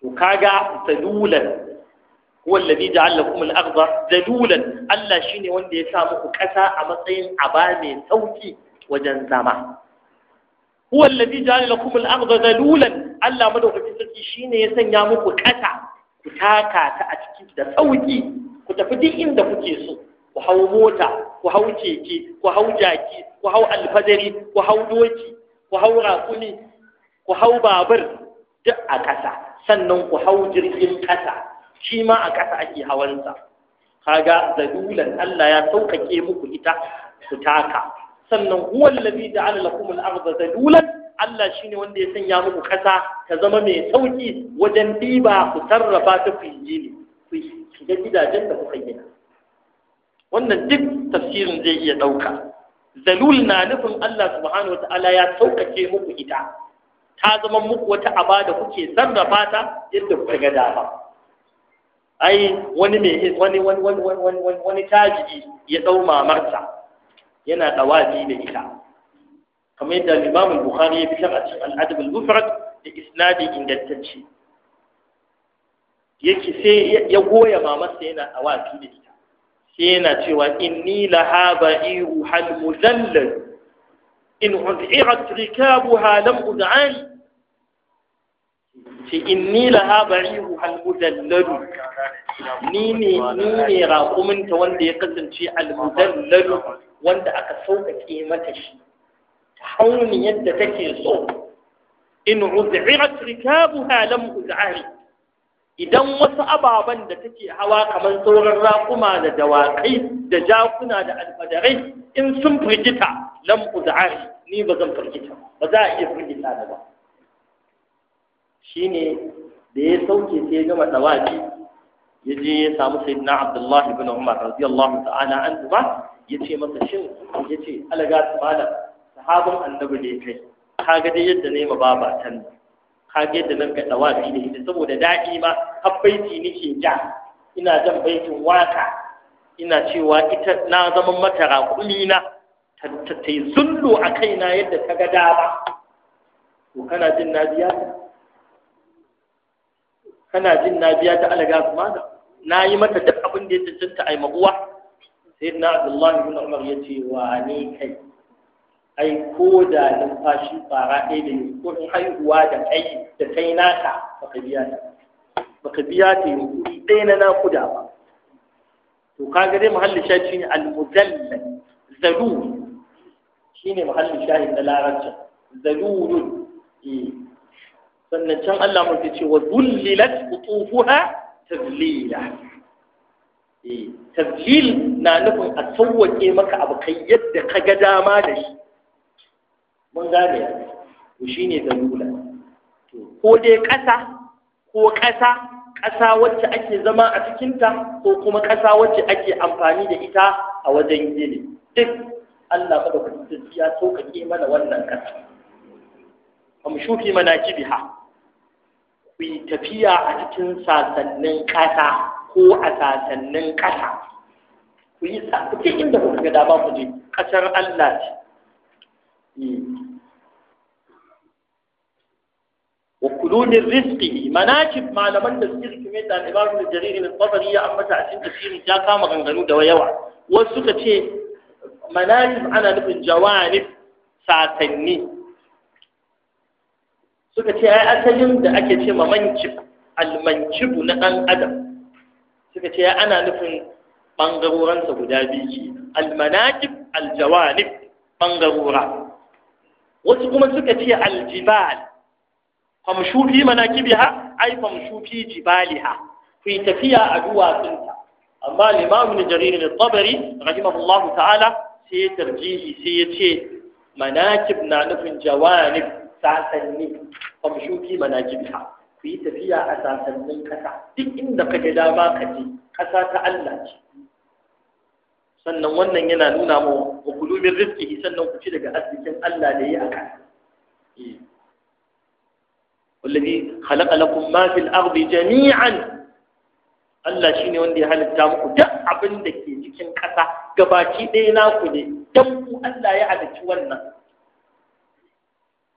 to kaga tadulan huwa alladhi ja'ala lakum al-ardha dalulan Allah shine wanda ya sa muku kasa a matsayin aba mai sauki wajen zama huwa allazi ja'ala lakum al-ardha zalulan Allah madaukakin sarki shine ya sanya muku ƙasa, ku taka ta a ciki da sauki ku tafi duk inda kuke so ku hau mota ku hau keke ku hau jaki ku hau alfajari ku hau doki ku hau rakuni ku hau babur duk a ƙasa sannan ku hau jirgin ƙasa shi ma a ƙasa ake hawansa kaga dalulan, Allah ya sauƙaƙe muku ita ku taka sannan huwa da ja'ala lakum al-ardha zalulan Allah shine wanda ya sanya muku kasa ta zama mai sauƙi wajen ɗiba ku sarrafa ta ku yi ku shiga gidajen da kuka gina wannan duk tafsirin zai iya ɗauka. zalul na nufin Allah subhanahu Ta'ala ya sauƙaƙe muku ita ta zama muku wata aba da kuke sarrafa ta yadda kuka ga dama ai wani mai wani wani wani wani wani wani tajiji ya dau mamarsa yana dawafi da ita kamar yadda Imam Bukhari ya fitar a cikin Al-Adab al-Mufrad da isnadi ingantacce yake sai ya goya mamarsa yana dawafi da ita sai yana cewa inni lahaba ihu hal muzallal in ud'irat rikabuha lam ud'ani ce inni laha barihu almudallalu ni ne ni ne raƙumin ta wanda ya kasance almudallalu wanda aka sauƙaƙe mata shi ta hauni yadda take so in uz'irat rikabuha lam uz'ari idan wasu ababen da take hawa kamar sauran raƙuma da dawakai da jakuna da alfadarai in sun firgita lam uz'ari ni ba zan firgita ba za a iya firgita da ba shine da ya sauke sai ya gama dawafi ya je ya samu sayyidina Abdullahi ibn Umar radiyallahu ta'ala anhu ba ya ce masa shin ya ce alaga da sahabin annabi ne kai ka ga dai yadda ne ma ba tan ka ga yadda nan ga fi da ita saboda daɗi ma habbaiti ni nake ja ina jan baitin waka ina cewa ita na zama mata raƙumi na ta yi zullo a kaina yadda ta ga dama to kana jin na biya ta kana jin na biya ta alaga malam na yi mata duk abin da ya cancanta a yi uwa sayyidina abdullahi ibn umar ya wa ni kai aiko da numfashi fara ɗaya da yi ko haihuwa da kai da kai naka baka biya ta baka biya ta yunkuri ɗaya na nakuda ba to kaga dai muhallin shafi ne al-mudallal zalul shine eh. sannan can Allah mun ce wa zullilat qutufuha tazlila Eh, tabjil na nufin a sauwaƙe maka abu kai yadda ka ga dama da shi mun gane shi ne da to ko dai ƙasa ko ƙasa ƙasa wacce ake zama a cikinta ko kuma ƙasa wacce ake amfani da ita a wajen gini duk Allah madaukakin sarki ya sauƙaƙe mana wannan ƙasa mana manakibiha ku yi tafiya a cikin sasannin ƙasa ko a sasannin ƙasa ku yi sa ku ce inda kuka ga dama ku je ƙasar Allah ce eh. wa kulu min rizqihi malaman da suke rikime da Imam Jarir bin ya ambata a cikin tafsirin ya kama ganganu da yawa wasu suka ce manakib ana nufin jawanib sasanni suka ce ai asalin da ake ce ma mankib al na ɗan adam suka ce ana nufin ɓangaroransa guda biyu ke almanakib aljawanib ɓangarora wasu kuma suka ce aljibal famshu fi manakibiha ai famshu fi jibaliha ku yi tafiya a duwatsunta amma limamu ne jaririn al-tabari rahimahullahu ta'ala sai ya tarjihi sai ya ce manakib na nufin jawanib sasanni famshu fi manakibiha ku yi tafiya a sasannin ƙasa duk inda ka ga dama ka je ƙasa ta Allah ce sannan wannan yana nuna mu wa kulumin rizqihi sannan ku ci daga arzikin Allah da yi a ƙasa والذي خلق لكم ما في الأرض jami'an, Allah shi wanda ya halitta muku duk abin da ke cikin ƙasa gabaki ɗaya naku ne dan ku Allah ya halicci wannan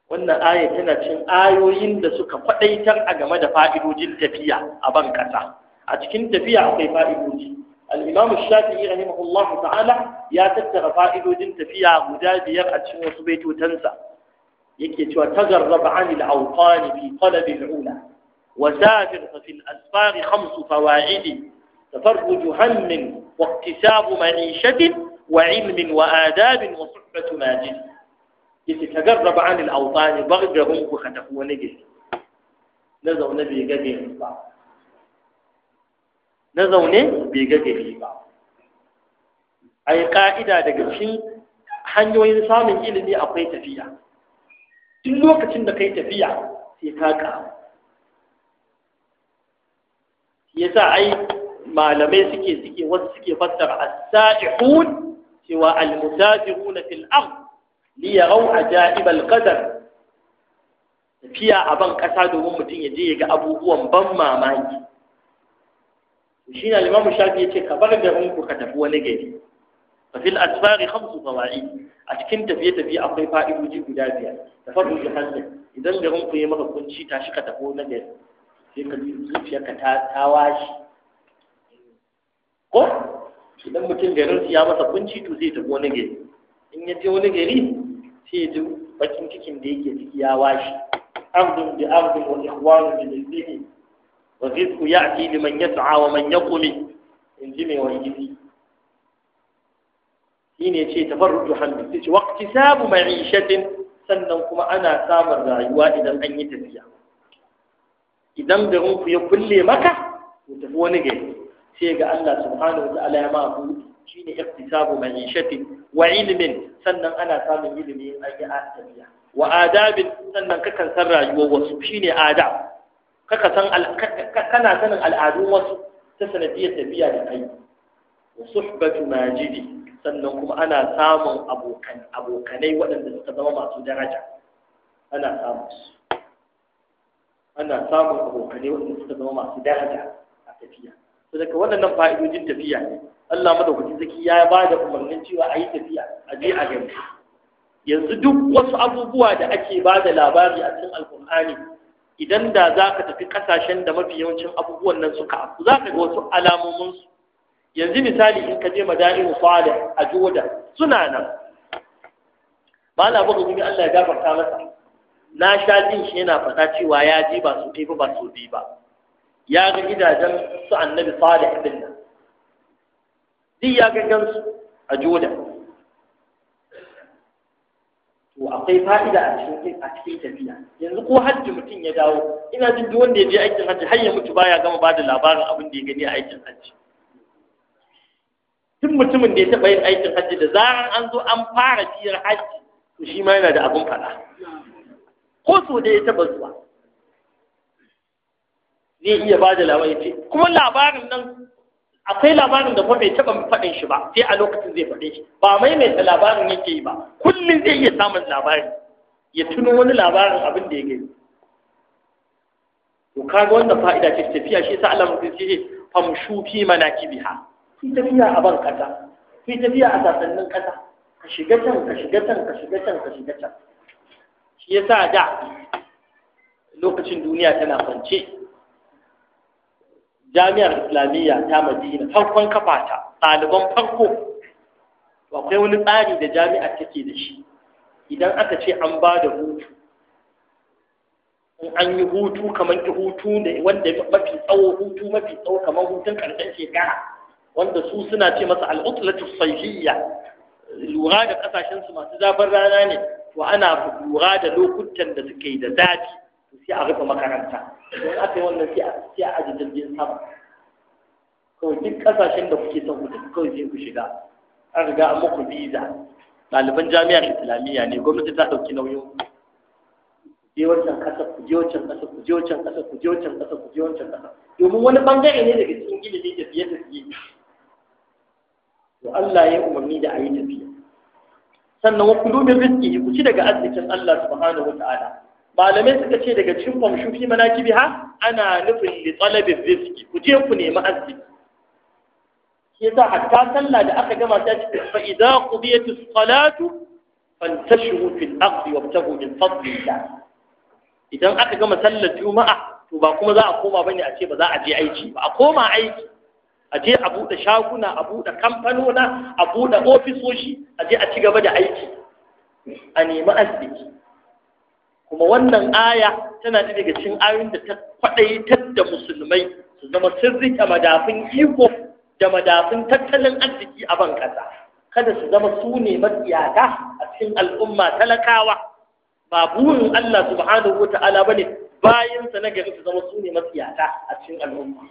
wannan aya tana cin ayoyin da suka faɗaitar a game da fa'idojin tafiya a ban ƙasa a cikin tafiya akwai fa'idoji al imamu shafi'i rahimahullahu ta'ala ya tattara fa'idojin tafiya guda biyar a cikin wasu baitotansa yake cewa tagarraba anil awqan fi talab al-ula wa safir fawa'idi al Juhannin, khams fawaid تفرج wa ilmin wa adabin wa وصحبة ماجد yace tagarraba an al-awtan baghdahum ku ka tafi wani gari na zaune bai ga gari ba na zaune bai ga gari ba ai ka'ida daga cikin hanyoyin samun ilimi akwai tafiya duk lokacin da kai tafiya sai ka ƙaru yasa ai malamai suke suke wasu suke fassara as-sa'ihun cewa al-musafiruna fil ardh li yarau ajaibal qadar tafiya a ban ƙasa domin mutum ya je ya ga abubuwan ban mamaki shi na limamu shafi ya ce ka bar garin ku ka tafi wani gari fa fil asfari khamsu fawaid a cikin tafiye tafiye akwai fa'idoji guda biyar da farko ji hanya idan garin ku ya maka kunci ta shi ka tafi wani gari sai ka zuciya ka ta washi ko idan mutum garin su ya masa kunci to zai tafi wani gari in ya je wani gari sai duk bakin cikin da yake ciki ya washi abdun bi abdun wa ikhwanu bi mithlihi wa rizqu ya'ti liman yas'a wa man yaqumi in ji wa wajidi shine ce tafarruju hamdi sai ce waqtisabu ma'ishatin sannan kuma ana samun rayuwa idan an yi tafiya idan da ku ya kulle maka ku tafi wani gari sai ga Allah subhanahu wa ta'ala ya ma'a buɗi shine iqtisabu ma'ishatin wa ilmin sannan ana samun ilimi a yi adabiya wa adabin sannan kakan san rayuwar wasu shine ne ada kana sanin al'adun wasu ta sanadiyar tafiya da kai wa suhbatu majidi sannan kuma ana samun abokan abokanai waɗanda suka zama masu daraja ana samun su ana samun abokanai waɗanda suka zama masu daraja a tafiya saboda waɗannan fa'idojin tafiya ne Allah madaukakin zaki ya ba da umarnin cewa a yi tafiya a je a gani yanzu duk wasu abubuwa da ake ba da labari a cikin alkur'ani idan da za ka tafi kasashen da mafi yawancin abubuwan nan suka afu za ka ga wasu alamominsu yanzu misali in ka je madainu fada a joda suna nan ba na buga gumi Allah ya gafarta masa na sha jin shi yana faɗa cewa ya ji ba su kai ba su bi ba ya ga gidajen su annabi fada din duk ya ga gansu a joda to akwai fa'ida a cikin a cikin tafiya yanzu ko hajji mutum ya dawo ina jin duk wanda ya je aikin hajji har ya mutu baya gama ba da labarin abin da ya gani a aikin hajji duk mutumin da ya taɓa yin aikin hajji da zarar an zo an fara fiyar hajji to shi ma yana da abin faɗa ko so da ya taɓa zuwa zai iya ba da labarin ce kuma labarin nan akwai labarin da kuma bai taɓa faɗin shi ba sai a lokacin zai faɗe shi ba maimaita labarin yake yi ba kullum zai iya samun labari ya tuno wani labarin abin da ya gani to kaga wanda fa'ida ce tafiya shi yasa Allah sai ce famshu fi manakibiha shi tafiya a ban kaza shi tafiya a sasannin kaza ka shiga can ka shiga can ka shiga can ka shiga can shi yasa da lokacin duniya tana kwance jami'ar islamiyya ta madina farkon kafa ta ɗaliban farko akwai wani tsari da jami'a take da shi idan aka ce an ba da hutu in an yi hutu kamar ki hutu da wanda mafi tsawo hutu mafi tsawo kamar hutun karshen shekara wanda su suna ce masa al'utlatu sahiyya lura da kasashen su masu zafin rana ne to ana lura da lokutan da suke da zafi to sai a rufe makaranta don aka yi wannan sai a aji jirgin sama kawai duk kasashen da kuke son kuɗi kawai sai ku shiga an riga an muku visa ɗaliban jami'ar islamiyya ne gwamnati ta ɗauki nauyin ku je wancan ƙasa ku je wancan ƙasa ku je wancan ƙasa ku je wancan ƙasa ku je wancan ƙasa domin wani bangare ne daga cikin gini ne tafiye tafiye to Allah ya umarni da a yi tafiya sannan wa kulu min rizqi ku ci daga arzikin Allah subhanahu wa ta'ala malamai suka ce daga cikin kwamshu fi kibi ha ana nufin da talabin rizki ku je ku nemi arziki yasa hatta sallah da aka gama ta ce fa idza qudiyatis salatu fantashiru fil ardi wabtagu min fadlillah idan aka gama sallar juma'a to ba kuma za a koma bane a ce ba za a je aiki ba a koma aiki a je a buɗe shaguna a buɗe kamfanona a buɗe ofisoshi a je a ci gaba da aiki a nemi arziki kuma wannan aya tana da daga cikin ayoyin da ta kwadaitar da musulmai su zama sun rike madafin iko da madafin tattalin arziki a ban kasa kada su zama su ne matsiyata a cikin al'umma talakawa ba burin Allah subhanahu wata'ala bane bayan sa na gari su zama su ne matsiyata a cikin al'umma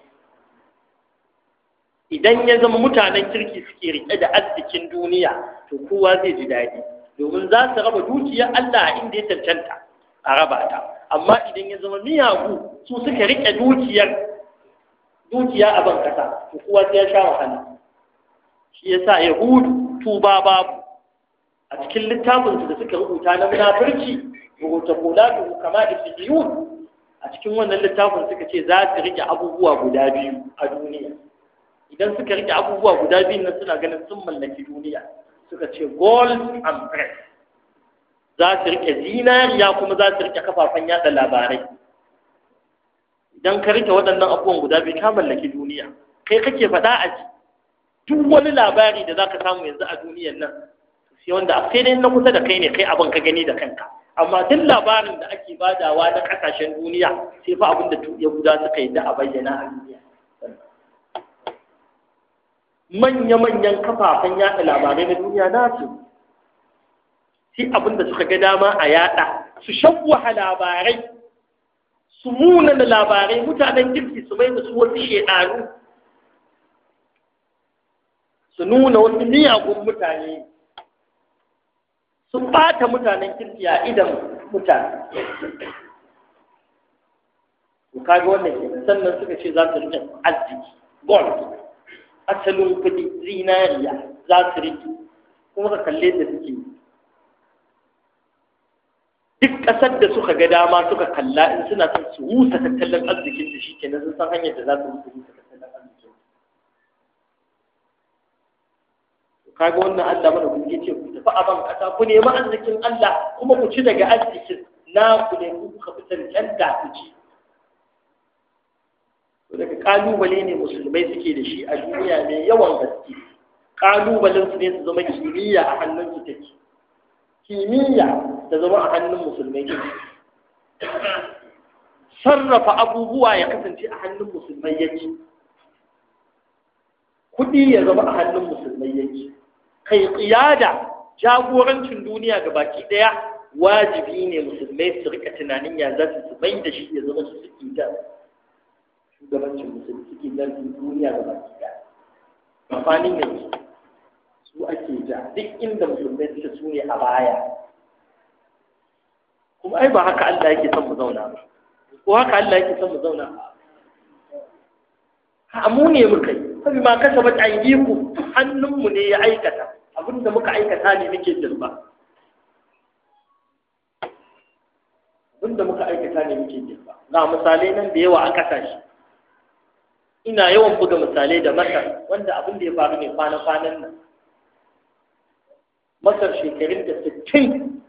idan ya zama mutanen kirki suke rike da arzikin duniya to kowa zai ji daɗi domin za su raba dukiyar Allah inda ya cancanta a raba ta amma idan ya zama miyagu su suka rike dukiyar dukiya a ban kasa to sai ya sha wahala shi yasa yahudu tuba babu a cikin littafin da suka rubuta na munafurci rubuta bulatu kama da fidiyun a cikin wannan littafin suka ce za su rike abubuwa guda biyu a duniya idan suka rike abubuwa guda biyu nan suna ganin sun mallaki duniya suka ce gold and press za su rike zinariya kuma za su rike kafafen yada labarai idan ka rike waɗannan abubuwan guda biyu ka mallaki duniya kai kake faɗa a ji duk wani labari da za ka samu yanzu a duniyar nan sai wanda sai dai na kusa da kai ne kai abin ka gani da kanka amma duk labarin da ake badawa na kasashen duniya sai fa abin da ya guda suka yi da a bayyana a duniya manya-manyan kafafen yaɗa labarai na duniya na su sai abin da suka ga dama a yada su shawwaha labarai su da labarai mutanen kirki su mai da su wasu shekaru su nuna wasu miyagun mutane su bata mutanen kirki a idan mutane ku kaga wannan kenan sannan suka ce za su rike arziki gold asalin kuɗi zinariya za su rike kuma ka kalle da suke duk ƙasar da suka ga dama suka kalla in suna son su husa tattalin arzikin da shi kenan sun san hanyar da za su husa tattalin arzikin Ka ga wannan Allah mana ku ce ku tafi a ban kasa ku nemi arzikin Allah kuma ku ci daga arzikin na ku ne ku ka fitar da ku ci daga kalubale ne musulmai suke da shi a duniya mai yawan gaske kalubalen su ne su zama kimiyya a hannun su take kimiyya ta zama a hannun musulmai yake sarrafa abubuwa ya kasance a hannun musulmai yake kuɗi ya zama a hannun musulmai yake kai qiyada jagorancin duniya ga baki ɗaya wajibi ne musulmai su rika tunanin ya za su mai da shi ya zama su suke da shugabancin musulmai suke da duniya ga baki ɗaya amfani ne su ake ja duk inda musulmai suke su ne a baya kuma ai ba haka Allah yake son mu zauna ba ko haka Allah yake son mu zauna ba ha mu ne muka yi sabi ma kasa ba ayyiku hannunmu ne ya aikata abinda muka aikata ne muke jirba abinda muka aikata ne muke jirba ga misalai nan da yawa aka tashi ina yawan buga misalai da masar wanda abin da ya faru ne kwana-kwanan nan masar shekarun da sittin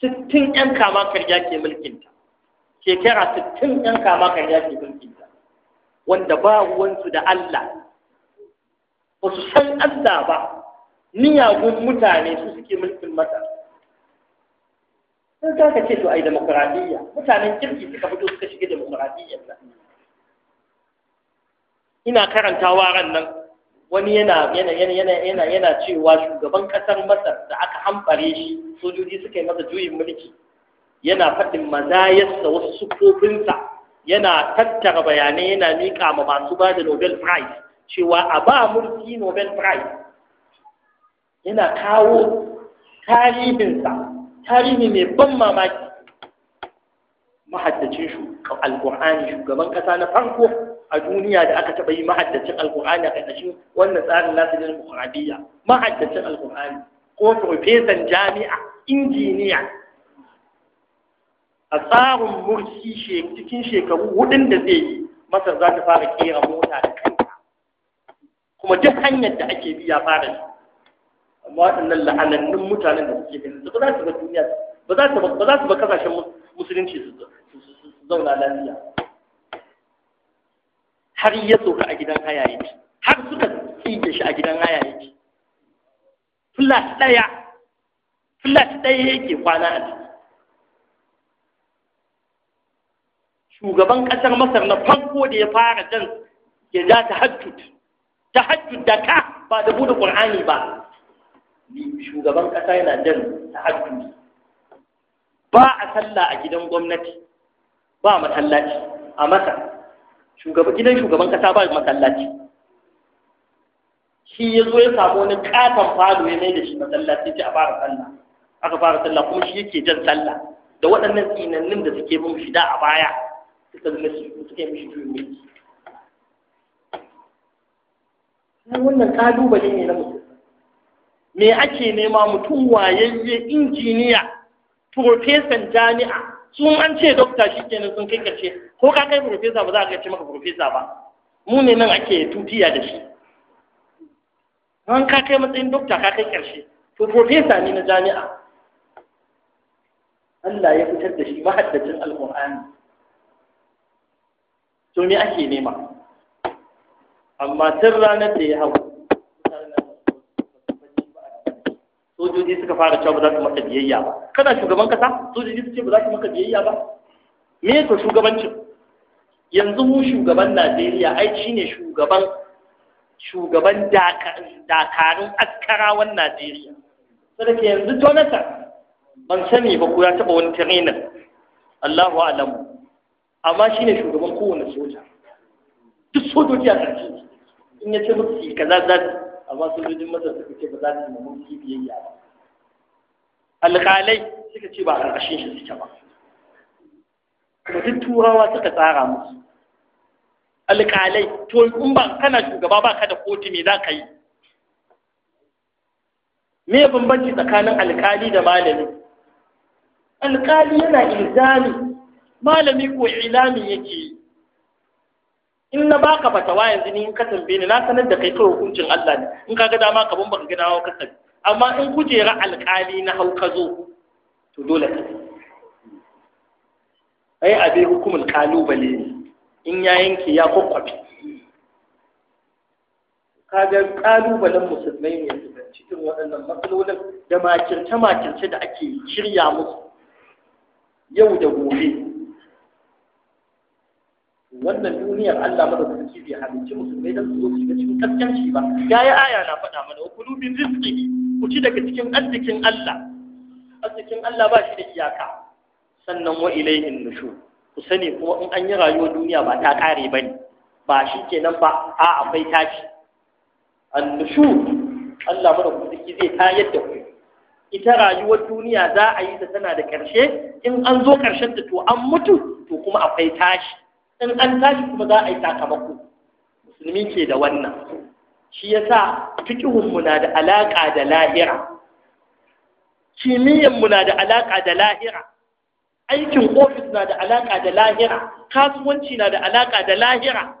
sittin yan kama karya ke mulkinta shekara sittin yan kama karya ke mulkinta wanda ba wansu da Allah ba su san Allah ba miyagun mutane su suke mulkin masar sun ka ce to ai demokuraɗiyya mutanen kirki suka fito suka shiga demokuraɗiyyar nan ina karanta waran nan wani yana yana yana yana yana cewa shugaban kasar Masar da aka hamfare shi sojoji suka yi masa juyin mulki yana faɗin mazayarsa wasu sukofinsa yana tattara bayanai yana miƙa ma masu ba da Nobel Prize cewa a ba mulki Nobel Prize yana kawo tarihinsa tarihi mai ban mamaki mahaddacin shugaban alƙur'ani shugaban ƙasa na farko a duniya da aka taɓa yi mahaddacin alkur'ani a ƙarƙashin wannan tsarin nasu da muharadiyya mahaddacin alkur'ani ko profesan jami'a injiniya a tsarin mursi cikin shekaru hudun da zai yi masar za ta fara kera mota da kanta kuma duk hanyar da ake biya fara yi amma waɗannan la'anannun mutanen da suke ganin ba za su ba duniya ba za su ba kasashen musulunci su zauna lafiya har ya sauka a gidan haya yake har suka tsige shi a gidan haya yake flat ɗaya flat ɗaya yake kwana a ciki shugaban ƙasar masar na farko da ya fara jan ya ja ta hajjud ta hajjud da ka ba da buɗe ƙur'ani ba shugaban ƙasa yana jan ta hajjud ba a sallah a gidan gwamnati ba masallaci a masar shugaba gidan shugaban kasa ba masallaci shi ya zo ya samu wani katon falo ya mai da shi masallaci ce a fara sallah aka fara sallah kuma shi yake jan sallah da waɗannan tsinannin da suke bin shida a baya suka zama suka yi mishi juyin mulki wannan kalubale ne na mutum me ake nema mutum wayayye injiniya profesan jami'a su an ce dokta shi ke sun kai kace ko ka kai profesa ba za a kai maka profesa ba mu ne nan ake tutiya da shi an ka kai matsayin dokta ka kai karshe to profesa ne na jami'a Allah ya fitar da shi mahaddacin alƙur'ani to me ake nema amma tun ranar da ya hau sojoji suka fara cewa ba za su masa biyayya ba kana shugaban kasa sojoji su ce ba za su maka biyayya ba me to shugabancin yanzu mu shugaban Najeriya ai shine shugaban shugaban dakarun askarawan Najeriya sadaka yanzu tonata ban sani ba ko ya taba wani trainer Allahu alamu amma shine shugaban kowane soja duk sojoji a ƙarshe in ya ce musu kaza za su amma sojojin masa suka ce ba za su yi mamaki biyayya ba alƙalai suka ce ba ƙarƙashin shi suke ba kuma duk turawa suka tsara musu alƙalai to in ba kana shugaba ba ka da kotu me za ka yi me bambanci tsakanin alƙali da malami alƙali yana ilzami malami ko ilami yake yi in na baka fatawa yanzu ni in ka tambaye ni na sanar da kai kawai hukuncin Allah ne in ka ga dama ka ban gina ga dama ka tafi amma in kujera alƙali na hau ka zo to dole ka ai abin hukumul kalubale ne in ya yanke ya kwakwabe kaga kalubalen musulmai ne cikin waɗannan matsalolin da makirce-makirce da ake shirya musu yau da gobe wannan duniyar Allah suke bai halicci musulmai don su zo su ga cikin kaskanci ba ya yi aya na faɗa mana wa kulubin ku ci daga cikin arzikin Allah arzikin Allah ba shi da iyaka sannan wa ilayhin nushu ku sani kuma in an yi rayuwar duniya ba ta kare ba ne ba shi ke nan ba a akwai tashi nushu, Allah mana ku ziki zai ta yadda ku ita rayuwar duniya za a yi ta tana da ƙarshe in an zo ƙarshen ta to an mutu to kuma akwai tashi in an tashi kuma za a yi sakamako musulmi ke da wannan shi ya sa fiƙihunmu na da alaƙa da lahira kimiyyanmu na da alaƙa da lahira aikin ofis na da alaƙa da lahira kasuwanci na da alaƙa da lahira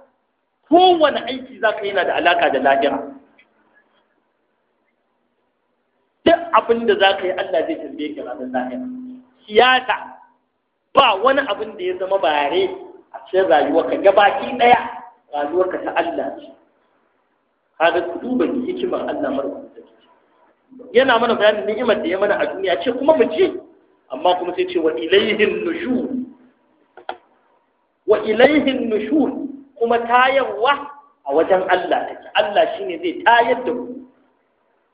kowane aiki za ka yi na da alaƙa da lahira duk abin da za ka yi Allah zai tambaye ka da lahira siyasa ba wani abin da ya zama bare a cikin rayuwarka gabaki ɗaya rayuwarka ta Allah ce kaga duba hikimar Allah marubutun yana mana bayanin ni'imar da ya mana a duniya ce kuma mu ce amma kuma sai ce wa ilaihin nushur wa ilaihin nushur kuma tayarwa a wajen Allah take Allah shine zai tayar da ku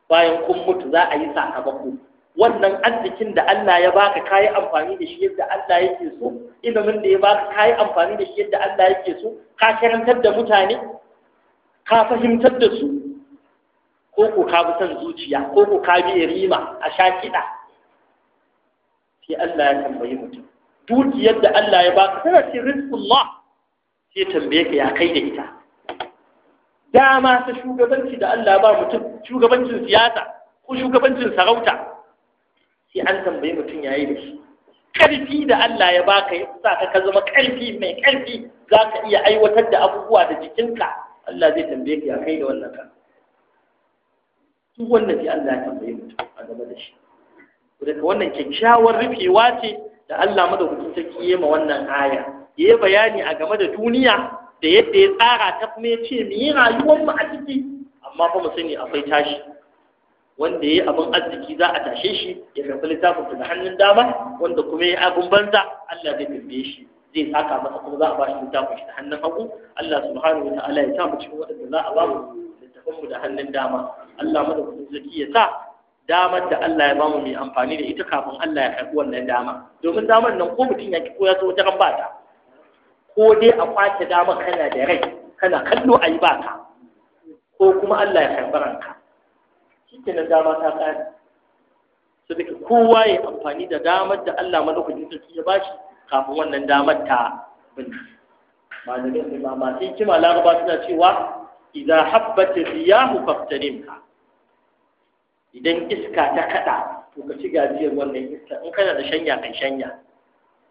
bayan kun mutu za a yi sakamako wannan arzikin da Allah ya baka kayi amfani da shi yadda Allah yake so ilimin da ya baka kayi amfani da shi yadda Allah yake so ka karantar da mutane ka fahimtar da su ko ko ka bi son zuciya ko ko ka bi rima a sha kiɗa sai Allah ya tambayi mutum dukiyar da Allah ya baka tana cikin rizqullah sai tambaye ka ya kai da ita dama ta shugabanci da Allah ba mutum shugabancin siyasa ko shugabancin sarauta sai an tambayi mutum yayi da shi Karfi da Allah ya baka ya sa ka zama karfi mai karfi za ka iya aiwatar da abubuwa da jikinka Allah zai tambaye ka ya kai da wannan kan duk wannan sai Allah ya tambaye mutum a game da shi daga wannan kyakkyawar rufewa ce da Allah madaukakin sarki ya ma wannan aya ya yi bayani a game da duniya da yadda ya tsara ta kuma ya ce mu yi rayuwar mu a ciki amma fa mu sani akwai tashi wanda ya yi abin arziki za a tashe shi ya karɓi littafin da hannun dama wanda kuma ya abin banza Allah zai tambaye shi zai saka masa kuma za a bashi littafin shi da hannun hagu Allah subhanahu wa ta'ala ya sa mu cikin waɗanda za a ba mu littafin mu da hannun dama Allah madaukakin zaki ya sa damar da Allah ya ba mu mai amfani da ita kafin Allah ya karɓi wannan dama domin damar nan ko mutum ya ko ya so wata ran bata ko dai a kwace dama kana da rai kana kallo a yi baka ko kuma Allah ya karɓi ranka shikenan dama ta kare su kowa ya amfani da damar da Allah madaukakin sarki ya bashi kafin wannan damar ta bin malamin su ma masu hikima laraba suna cewa idan habbata riyahu faftarimha idan iska ta kada to ka ci gajiyar wannan iska in kana da shanya kan shanya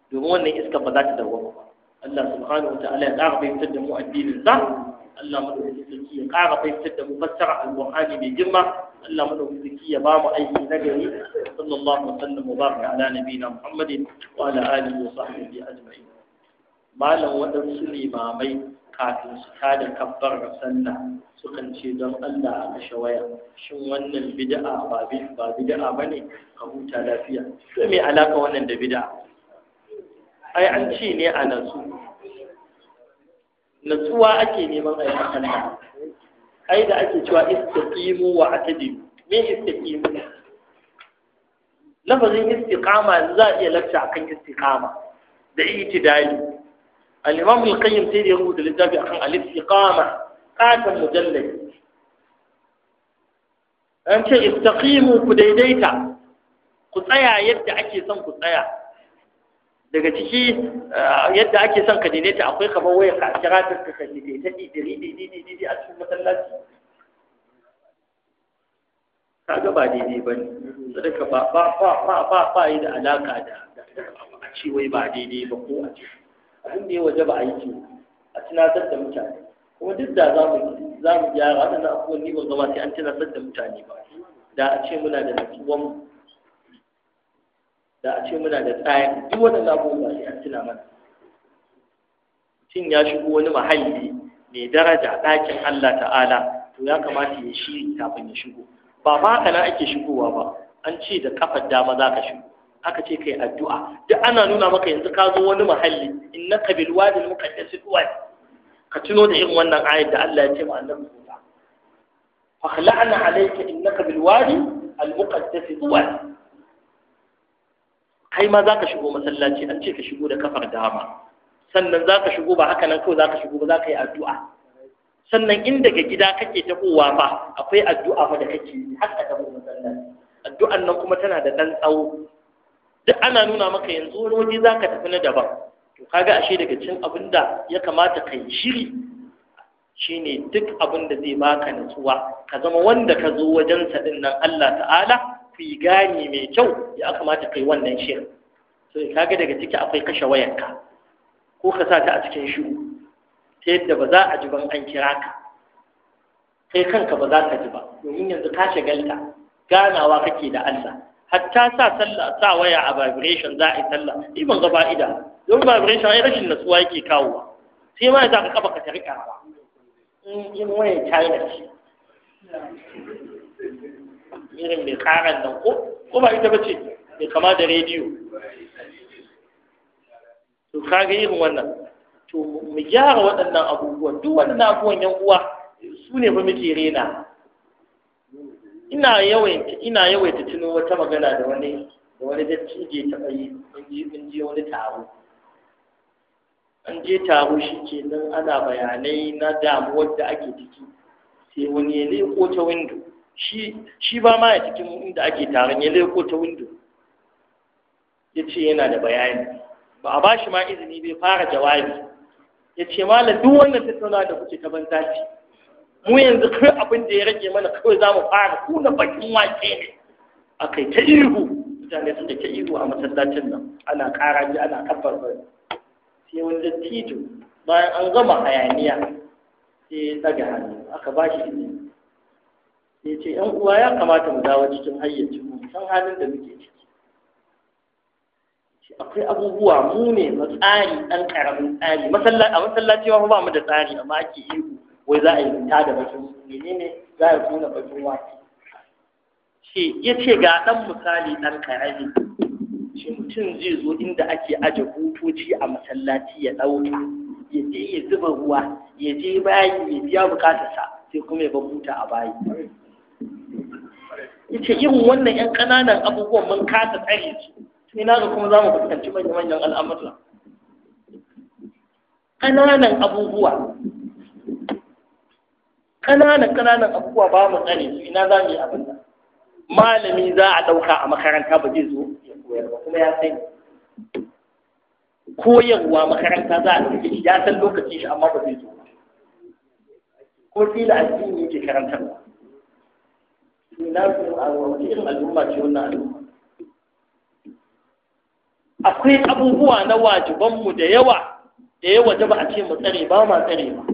domin wannan iska ba za ta dawo ba Allah subhanahu wa ta'ala ya ƙara fahimtar da mu addinin sa Allah madaukakin sarki ya ƙara fahimtar da mu fassara al alƙur'ani mai girma Allah madaukakin ya ba mu aiki na gari sallallahu alaihi wasallam mubaraka ala nabiyina Muhammadin wa ala alihi wa sahbihi ajma'in malam waɗansu limamai kafin su tada kabbar sallah sukan ce don Allah a kashe waya shin wannan bid'a ba ba bid'a bane ka huta lafiya to me alaka wannan da bid'a ai an ce ne a nasu natsuwa ake neman a yi sallah ai da ake cewa istiqimu wa atadilu me istiqimu lafazin istiqama za a iya lafta akan istiqama da itidali al-imam al-qayyim sai da ya rubuta littafi akan al-istiqama qatan mujallali an ce istiqimu ku daidaita ku tsaya yadda ake son ku tsaya daga ciki eh, yadda ake son ka daidaita akwai kamar waya ka kira ta ka daidaita ni diri diri diri a cikin masallaci ga ba daidai ba ne sadaka ba ba ba ba ba ba yi da alaka da a ce wai ba daidai ba ko a ce abin da ya waje ba a yi ce a tunatar da mutane kuma duk da za mu za mu gyara wannan akwai ni ba gaba sai an tunatar da mutane ba da a ce muna da natsuwan da a ce muna da tsayin duk waɗanda abubuwa sai an tuna mana mutum ya shigo wani mahalli mai daraja ɗakin Allah ta'ala to ya kamata ya shi kafin ya shigo ba ma haka nan ake shigowa ba an ce da kafar dama za ka shigo aka ce kai addu'a duk ana nuna maka yanzu ka zo wani mahalli innaka bil wadi al muqaddas duwad ka tuno da irin wannan ayat da Allah ya ce ma annabi Musa fakhla'na alayka innaka bil wadi al muqaddas kai ma za ka shigo masallaci an ce ka shigo da kafar dama sannan za ka shigo ba haka nan kawai za ka shigo ba za ka yi addu'a sannan in daga gida kake tafowa ba, akwai addu'a fa da kake yi har ka tafi masallaci addu'an nan kuma tana da ɗan tsawo duk ana nuna maka yanzu wani waje za ka tafi na daban to kaga ashe daga cin abin da ya kamata ka yi shiri shine duk abin da zai baka natsuwa ka zama wanda ka zo wajensa ɗin nan Allah ta'ala gani mai kyau ya kamata kai wannan shirin so ga daga ciki akwai kashe wayarka ko ka sa ta a cikin shiru ta yadda ba za a ji ban an kira ka kai kanka ba za ka ji ba domin yanzu ka shagalta ganawa kake da Allah hatta sa sallah sa waya a vibration za a yi sallah ni ban ga fa'ida don vibration ai rashin natsuwa yake kawowa sai ma za ka kaba ka tarika hmm, in in waya China ce irin mai karan nan ko ko ba ita bace mai kama da rediyo to kaga irin wannan to mu gyara waɗannan abubuwan duk waɗannan abubuwan yan uwa su ne fa muke rena ina yawaita ina yawaita tuno wata magana da wani da wani dattijo ta yi mun je wani taro an je taro shi ke nan ana bayanai na damuwar da ake ciki sai wani ya ko ta windo shi ba ma a cikin inda ake taron ya leko ta windo ya ce yana da bayani ba a ba shi ma izini bai fara jawabi ya ce malam duk wannan tattauna da kuke ta banza ce mu yanzu kai abin da ya rage mana kawai za mu fara kuna bakin wake ne a kai ta ihu mutane suka ta ihu a masallacin nan ana kara ji ana kafar bari sai wani dattijo bayan an gama hayaniya sai ya tsaga hannu aka ba shi izini ya ce ‘yan uwa ya kamata mu dawo cikin hayyacin mu san halin da muke ciki akwai abubuwa mu ne matsari ɗan ƙaramin tsari a masallaci ma ba mu da tsari amma ake yi wai za a yi fita da bakin menene za a tuna bakin wake ce ya ce ga ɗan misali ɗan ƙarami shi mutum zai zo inda ake aje hutoci a masallaci ya ɗauka ya je ya zuba ruwa ya je bayi ya biya bukatarsa sai kuma ya bar buta a bayi yace irin wannan yan ƙananan abubuwan mun kasa tsare su sai na ga kuma za mu fuskanci manya-manyan al'amura ƙananan abubuwa ƙananan ƙananan abubuwa ba mu tsare su ina za mu yi abin malami za a ɗauka a makaranta ba zai zo ya koyar ba kuma ya sani koyarwa makaranta za a ɗauke shi ya san lokaci shi amma ba zai zo ko kila addini yake karantarwa na ku irin al'umma ce wannan al'umma akwai abubuwa na wajibanmu da yawa da yawa da ba a ce mu tsare ba ma tsare ba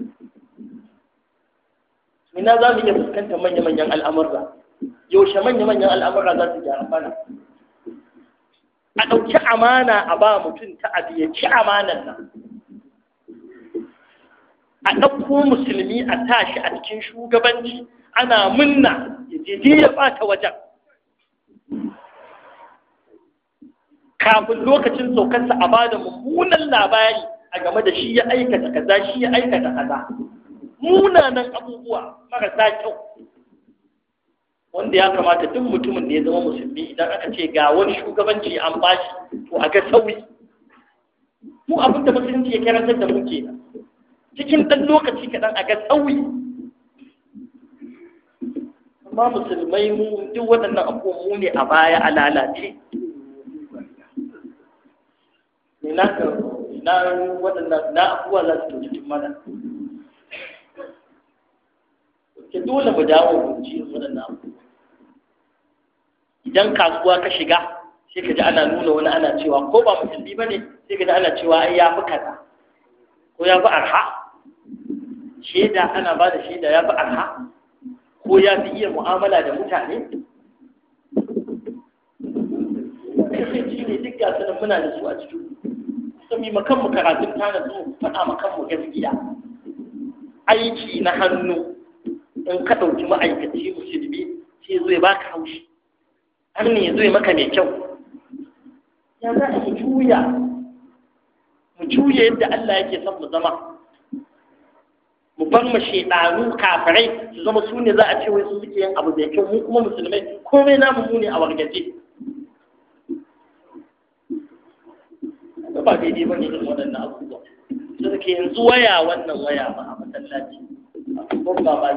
ina za mu iya fuskantar manya-manyan al'amurra yaushe manya-manyan al'amurra za su ji amana? a ɗauki amana a ba mutum ta abu ya ci amanan nan a ɗauko musulmi a tashi a cikin shugabanci ana munna jiji ya ɓata wajen kafin lokacin saukansa a bada mummunan labari a game da shi ya aikata kaza shi ya aikata kaza munanan abubuwa marasa kyau wanda ya kamata duk mutumin da ya zama musulmi idan aka ce ga wani shugabanci an bashi to a ga sauri mu abinda musulunci ya karantar da muke cikin ɗan lokaci kaɗan a ga sauyi ma musulmai mu duk waɗannan abubuwan mu ne a baya a lalace Me na ka na waɗannan na abubuwa za su tuntun mana ke dole mu dawo mu ci waɗannan abubuwa idan kasuwa ka shiga sai ka ji ana nuna wani ana cewa ko ba musulmi ba ne sai ka ji ana cewa ai ya fi kaza ko ya fi arha shaida ana ba da shaida ya fi arha ko ya fi iya mu'amala da mutane kasance ne duk gasu muna da su a cikin sami makanmu karatun tana su faɗa makanmu gaskiya aiki na hannu in ka ɗauki ma'aikaci musulmi sai zai baka haushi har ne zai maka mai kyau ya za a juya mu juya yadda Allah yake son mu zama mu bar mu shaidanu kafirai su zama su ne za a ce wai su suke yin abu mai kyau mu kuma musulmai komai namu mu ne a wargaje ba daidai ba ne irin waɗannan abubuwa da ke yanzu waya wannan waya ba a masallaci ko ba ba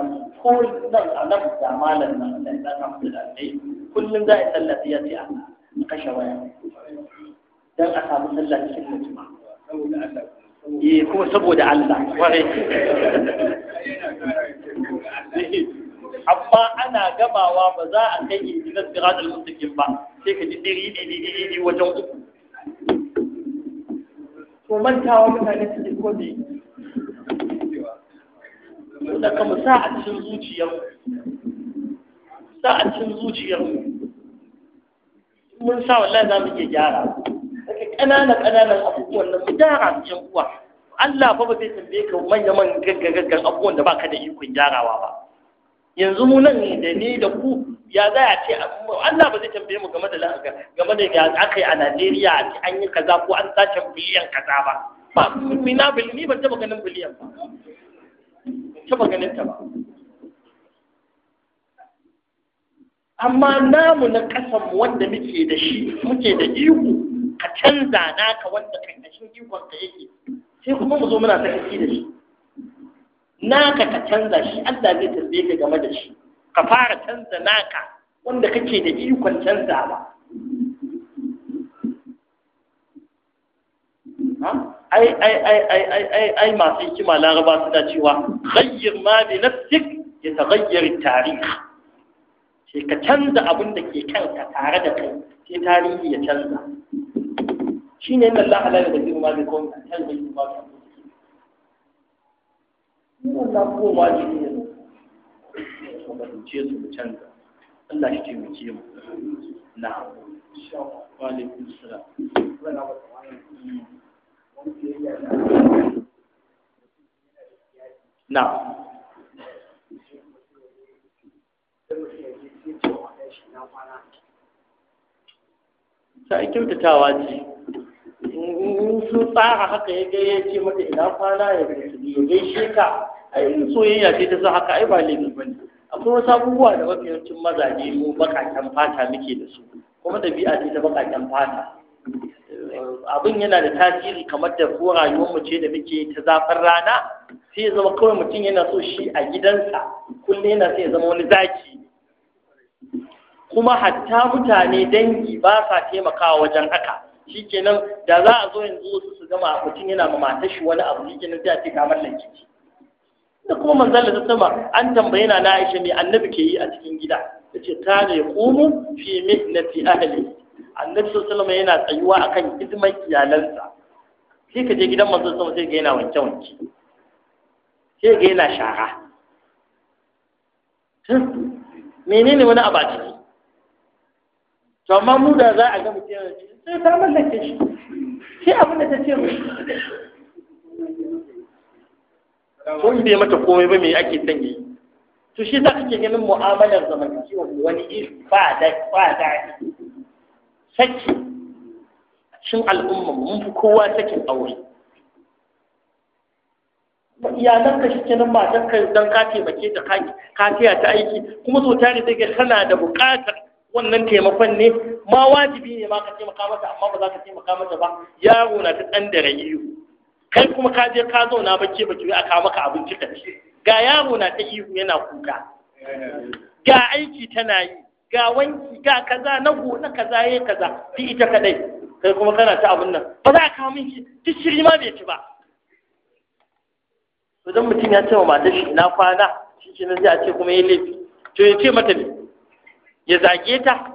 ko nan a nan da malam nan da ya ka mutu da kai kullum za a sallaci ya ce a kashe waya dan a samu sallaci cikin mutum eh kuma saboda Allah kwarai amma ana gabawa ba za a kai ina sirat al-mustaqim ba sai ka ji diri diri diri wajen uku to mantawa mutane su ko me da kuma mu sa a cikin zuciyar sa a cikin zuciyar mun sa wallahi za mu iya gyara ƙananan ƙananan abubuwan nan su gyara su yan uwa Allah fa ba zai tambaye ka manya man gaggagaggan abubuwan da baka da ikon gyarawa ba yanzu mu nan ne da ni da ku ya za a ce Allah ba zai tambaye mu game da lahaka game da ya aka yi a Najeriya a ce an yi kaza ko an sace biliyan kaza ba ba ni na bil ni ban taba ganin biliyan ba taba ganin ta ba amma namu na kasan wanda muke da shi muke da iko ka canza naka wanda karkashin ikon ka yake sai kuma mu zo muna kici da shi naka ka canza shi Allah zai tambaye ka game da shi ka fara canza naka wanda kake da ikon canzawa ai ai ai ai ai ai ai masu hikima laraba suna cewa ghayyir ma bi nafsik ya taghayyar tarihi sai ka canza abin da ke kanka tare da kai sai tarihi ya canza shi ne na Allah halala da girma da kawai a can mai ba ta mu na kowa ne ne to ba su ce su canza Allah shi ce mu na wa alaikum na ta kyautatawa ce in sun tsara haka ya ga ya ce mata ina kwana ya ya gaishe ka ai in soyayya ce ta sa haka ai ba laifi bane akwai wasu abubuwa da mafiyancin yawancin mazaje mu bakaken fata muke da su kuma ɗabi'a ce ta bakaken fata abin yana da tasiri kamar da ko rayuwar ce da muke ta zafin rana sai ya zama kawai mutum yana so shi a gidansa kullum yana sai ya zama wani zaki kuma hatta mutane dangi ba sa taimakawa wajen haka shikenan da za a zo yanzu wasu su gama mutum yana ma matar shi wani abu shikenan sai a ce kamar lankici da kuma manzon da sama an tambaye na Aisha me annabi ke yi a cikin gida ce ta ne qumu fi mihnati ahli annabi sallallahu alaihi yana tsayuwa akan hidimar iyalansa sai ka je gidan manzon sama sai ga yana wanke wanke sai ga yana shara menene wani abu a ciki to amma mu da za a ga mutum sai ta mallake shi shi abin da ta ce mu ko in bai mata komai ba me ake son yi to shi za kake ganin mu'amalar zamantakewar wani iri ba da ba da saki shin al'umma mun fi kowa sakin aure iyalan ka shikenan matan ka dan ka taimake ta ka ka ta aiki kuma zo tare sai ga kana da buƙatar wannan taimakon ne ma wajibi ne ma ka taimaka mata amma ba za ka taimaka mata ba yaro na ta ɗan da rayu kai kuma ka je ka zauna bacci bacci a kawo maka abinci ka ga yaro na ta ihu yana kuka ga aiki tana yi ga wanki ga kaza na go na kaza yayi kaza fi ita kadai kai kuma kana ta abun nan ba za ka kawo min shi ma bai ci ba to dan mutum ya ce wa matar shi na kwana shi ke nan sai a ce kuma yayi laifi to ya ce mata ne ya zage ta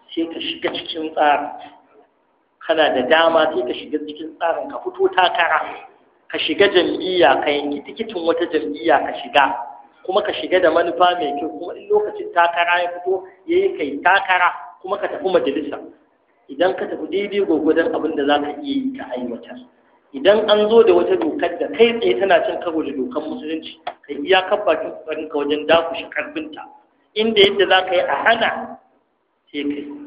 sai ka shiga cikin tsarin kana da dama sai ka shiga cikin tsarin ka fito takara ka shiga jam'iyya ka yanki tikitin wata jam'iyya ka shiga kuma ka shiga da manufa mai kyau kuma in lokacin takara ya fito ya yi kai takara kuma ka tafi majalisa idan ka tafi daidai gwagwadon abin da za ka iya yi ka aiwatar idan an zo da wata dokar da kai tsaye tana cin karo da dokar musulunci ka iya kan bakin ka wajen dakushe karfinta inda yadda za ka yi a hana sai kai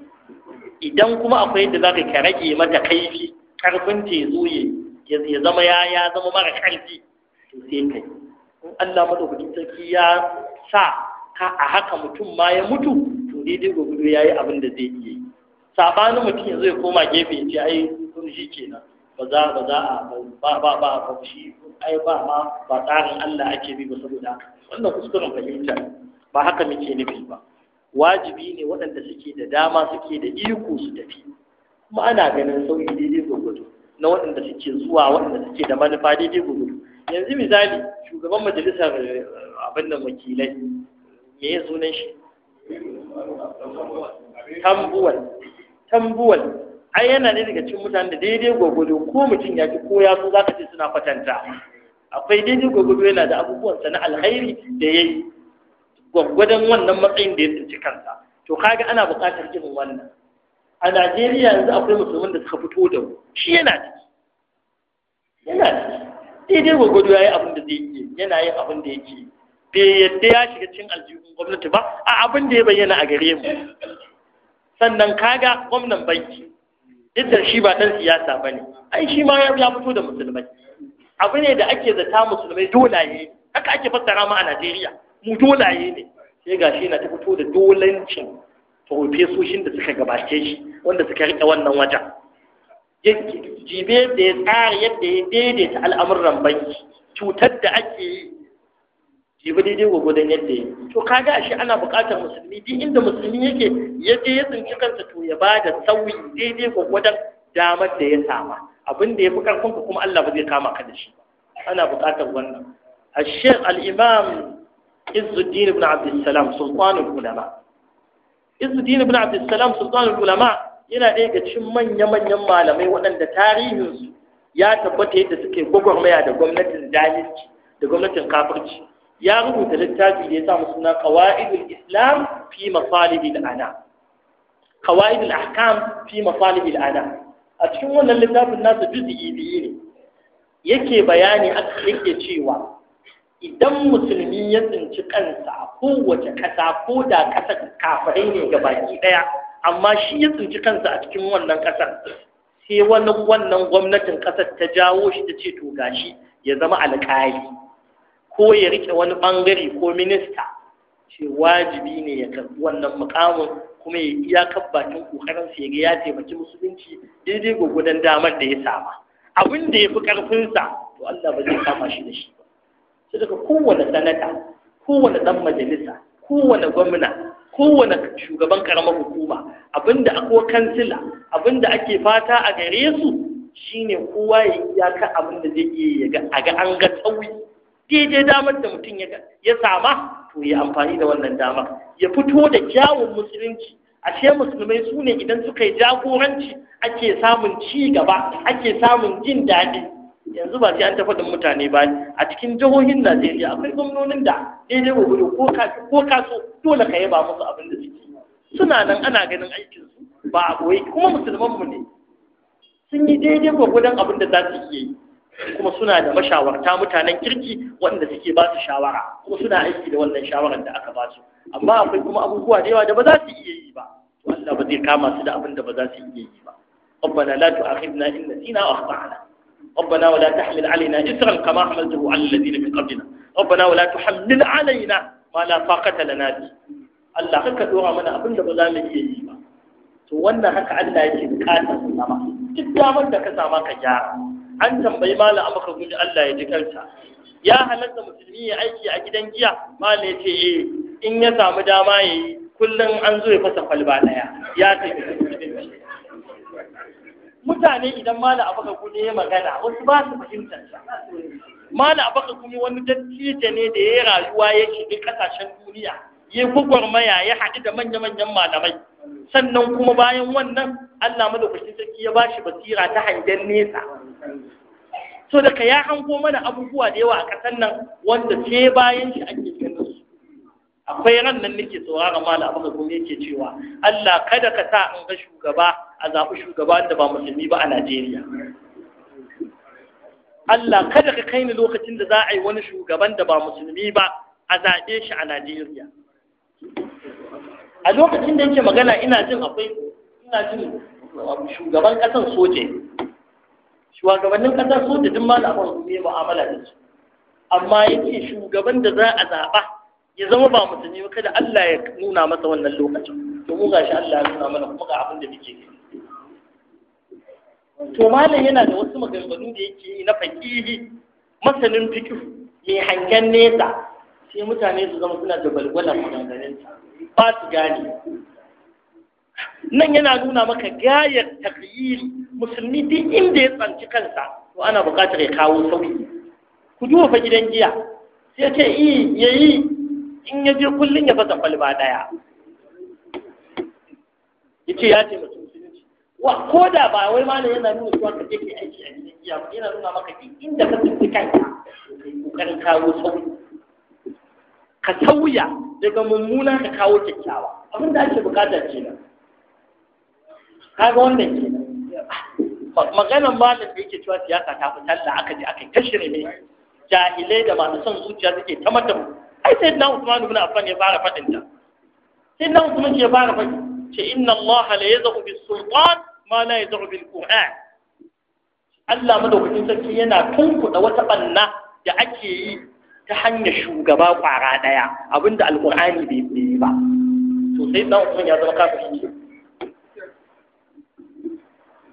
idan kuma akwai yadda za ka rage mata kaifi karfin ta zo ya zama ya ya zama mara karfi to sai kai in Allah madaukakin sarki ya sa ka a haka mutum ma ya mutu to daidai gobe yayi abin da zai iya sabanin mutum yanzu ya koma gefe ya ce ai kun shi kenan ba za ba za a ba ba ba ba shi ai ba ma ba tsarin Allah ake bi ba saboda wannan kuskuren fahimta ba haka muke nufi ba wajibi ne waɗanda suke da dama suke da iko su tafi kuma ana ganin sauyi daidai gwagwado na waɗanda suke zuwa waɗanda suke da manufa daidai gwagwado yanzu misali shugaban majalisar eh, abin da wakilai me ya sunan shi tambuwal tambuwal ai yana ne daga cikin mutanen da daidai gwagwado ko mutum ya fi ko ya zo za ka ce suna kwatanta akwai daidai gwagwado yana da abubuwan sana'a alkhairi da ya yi gwaggwadon wannan matsayin da ya tsinci kansa to kaga ana buƙatar irin wannan a Najeriya yanzu akwai musulman da suka fito da shi yana ciki yana ciki daidai gwaggwado ya yi abin da zai yi yana yin abin da yake bai yadda ya shiga cin aljihun gwamnati ba a abin da ya bayyana a gare mu sannan kaga gwamnan banki duk shi ba ɗan siyasa ba ne ai shi ma ya fito da musulmai abu ne da ake zata musulmai dolaye haka ake fassara ma a Najeriya Mutulaye dolaye ne sai ga shi na ta fito da dolancin farfesoshin da suka gabace shi wanda suka riƙe wannan wajen jibe da ya tsara yadda ya daidaita al'amuran banki cutar da ake yi jibe daidai gwagwadon yadda ya to kaga shi ana buƙatar musulmi duk inda musulmi yake ya je ya tsinci kansa to ya ba da sauyi daidai gwagwadon damar da ya sama abin da ya fi ƙarfin kuma Allah ba zai kama ka da shi ana buƙatar wannan Izzuddin ibn abdulsalam sultanul ulama Izzuddin ibn abdulsalam sultanul ulama yana ɗaya daga cikin manya-manyan malamai waɗanda tarihinsu ya tabbata yadda suke gwagwarmaya da gwamnatin dalilci da gwamnatin kafirci ya rubuta littafi da ya samu suna qawaidul islam fi masalihil ana qawaidul ahkam fi masalihil ana a cikin wannan littafin nasa juz'i biyu ne yake bayani aka yake cewa idan musulmi ya tsinci kansa a kowace ƙasa ko da ƙasar kafirai ne ga baki ɗaya amma shi ya tsinci kansa a cikin wannan ƙasar sai wani wannan gwamnatin ƙasar ta jawo shi ta ce to gashi ya zama alƙali ko ya riƙe wani ɓangare ko minista ce wajibi ne ya karɓi wannan muƙamun, kuma ya iyakar bakin ƙoƙarin sa ya taimaki musulunci daidai gwagwadon damar da ya sama abin da ya fi ƙarfinsa to Allah ba zai kama shi da shi ba sai daga kowane sanata kowane ɗan majalisa kowane gwamna kowane shugaban karamar hukuma abinda akwai kansila abinda ake fata a gare su shine kowa ya iyaka abinda zai iya ya a ga an ga tsawi daidai damar da mutum ya sama to ya amfani da wannan damar ya fito da kyawun musulunci A ce musulmai su ne idan suka yi jagoranci ake samun ci gaba ake samun jin daɗi yanzu ba sai an tafi da mutane ba a cikin jihohin Najeriya akwai gwamnonin da daidai wa gudu ko kaso ko kaso dole ka yaba musu abin da suke suna nan ana ganin aikin su ba a koyi kuma musulman mu ne sun yi daidai wa gudan abin da za su yi kuma suna da mashawarta mutanen kirki wanda suke ba su shawara kuma suna aiki da wannan shawaran da aka ba su amma akwai kuma abubuwa da yawa da ba za su iya yi ba Allah ba zai kama su da abin da ba za su iya yi ba ربنا لا تؤاخذنا إن نسينا أو ربنا ولا تحمل علينا إسرا كما حملته على الذين من قبلنا ربنا ولا تحمل علينا ما لا طاقة لنا به Allah haka dora mana abin da ba za mu iya yi ba to wannan haka Allah yake bukatar mu zama duk damar da ka sama ka gyara an tambayi mala amaka guji Allah ya ji karta. ya halatta musulmi ya aiki a gidan giya mala ya ce eh in ya samu dama ya yi kullum an zo ya fasa kwalba daya ya tafi musulunci mutane idan mala abaka kuma ya magana wasu ba su fahimtar sa mala abaka kuma wani dattijo ne da ya rayuwa ya shiga kasashen duniya ya gwagwarmaya ya haɗu da manya-manyan malamai sannan kuma bayan wannan Allah madaukakin sarki ya bashi basira ta hangen nesa so daga ya hango mana abubuwa da yawa a ƙasar nan wanda sai bayan shi ake ganin akwai ran nan nake sauraron malam abaka kuma yake cewa Allah kada ka sa in ga shugaba a zaɓi shugaban da ba musulmi ba a Najeriya. Allah kada ka kai ni lokacin da za a yi wani shugaban da ba musulmi ba a zaɓe shi a Najeriya. A lokacin da yake magana ina jin akwai ina jin shugaban ƙasar soje. Shugabannin ƙasar soje duk ma labar ne mu'amala da su. Amma yake shugaban da za a zaɓa ya zama ba musulmi ba kada Allah ya nuna masa wannan lokacin. domin mu shi Allah ya nuna mana kuma ga abin da muke gani. to malam yana da wasu maganganu da yake na fakihi masanin fikir mai hangen nesa sai mutane su zama suna da balgwala maganganunsa ba su gane nan yana nuna maka gayar takyiri musulmi duk inda ya tsanci kansa to ana bukatar ya kawo sauki ku duba fa gidan giya sai ce yi ya yi in ya je kullum ya fasa kwalba daya ya ce ya ce mutum wa ko da ba wai ma yana nuna cewa ka je kai aiki a cikin giya ba yana nuna maka duk inda ka tuntu kanka kai kokarin kawo sauyi ka sauya daga mummuna ka kawo kyakkyawa abin da ake bukata ka ga wannan kenan maganan malam da yake cewa siyasa ta fi talla aka je aka yi ta shirme jahilai da masu son zuciya suke ta mata ai sai na Usman ibn Affan ya fara fadin ta sai na Usman ke fara fadi ce inna Allah la yazu bis sultan ma la yad'u bil qur'an Allah madaukakin sarki yana tunkuɗa wata ɓanna da ake yi ta hanyar shugaba ƙwara ɗaya. abinda alqur'ani bai yi ba to sai ɗan Usman ya zama ne.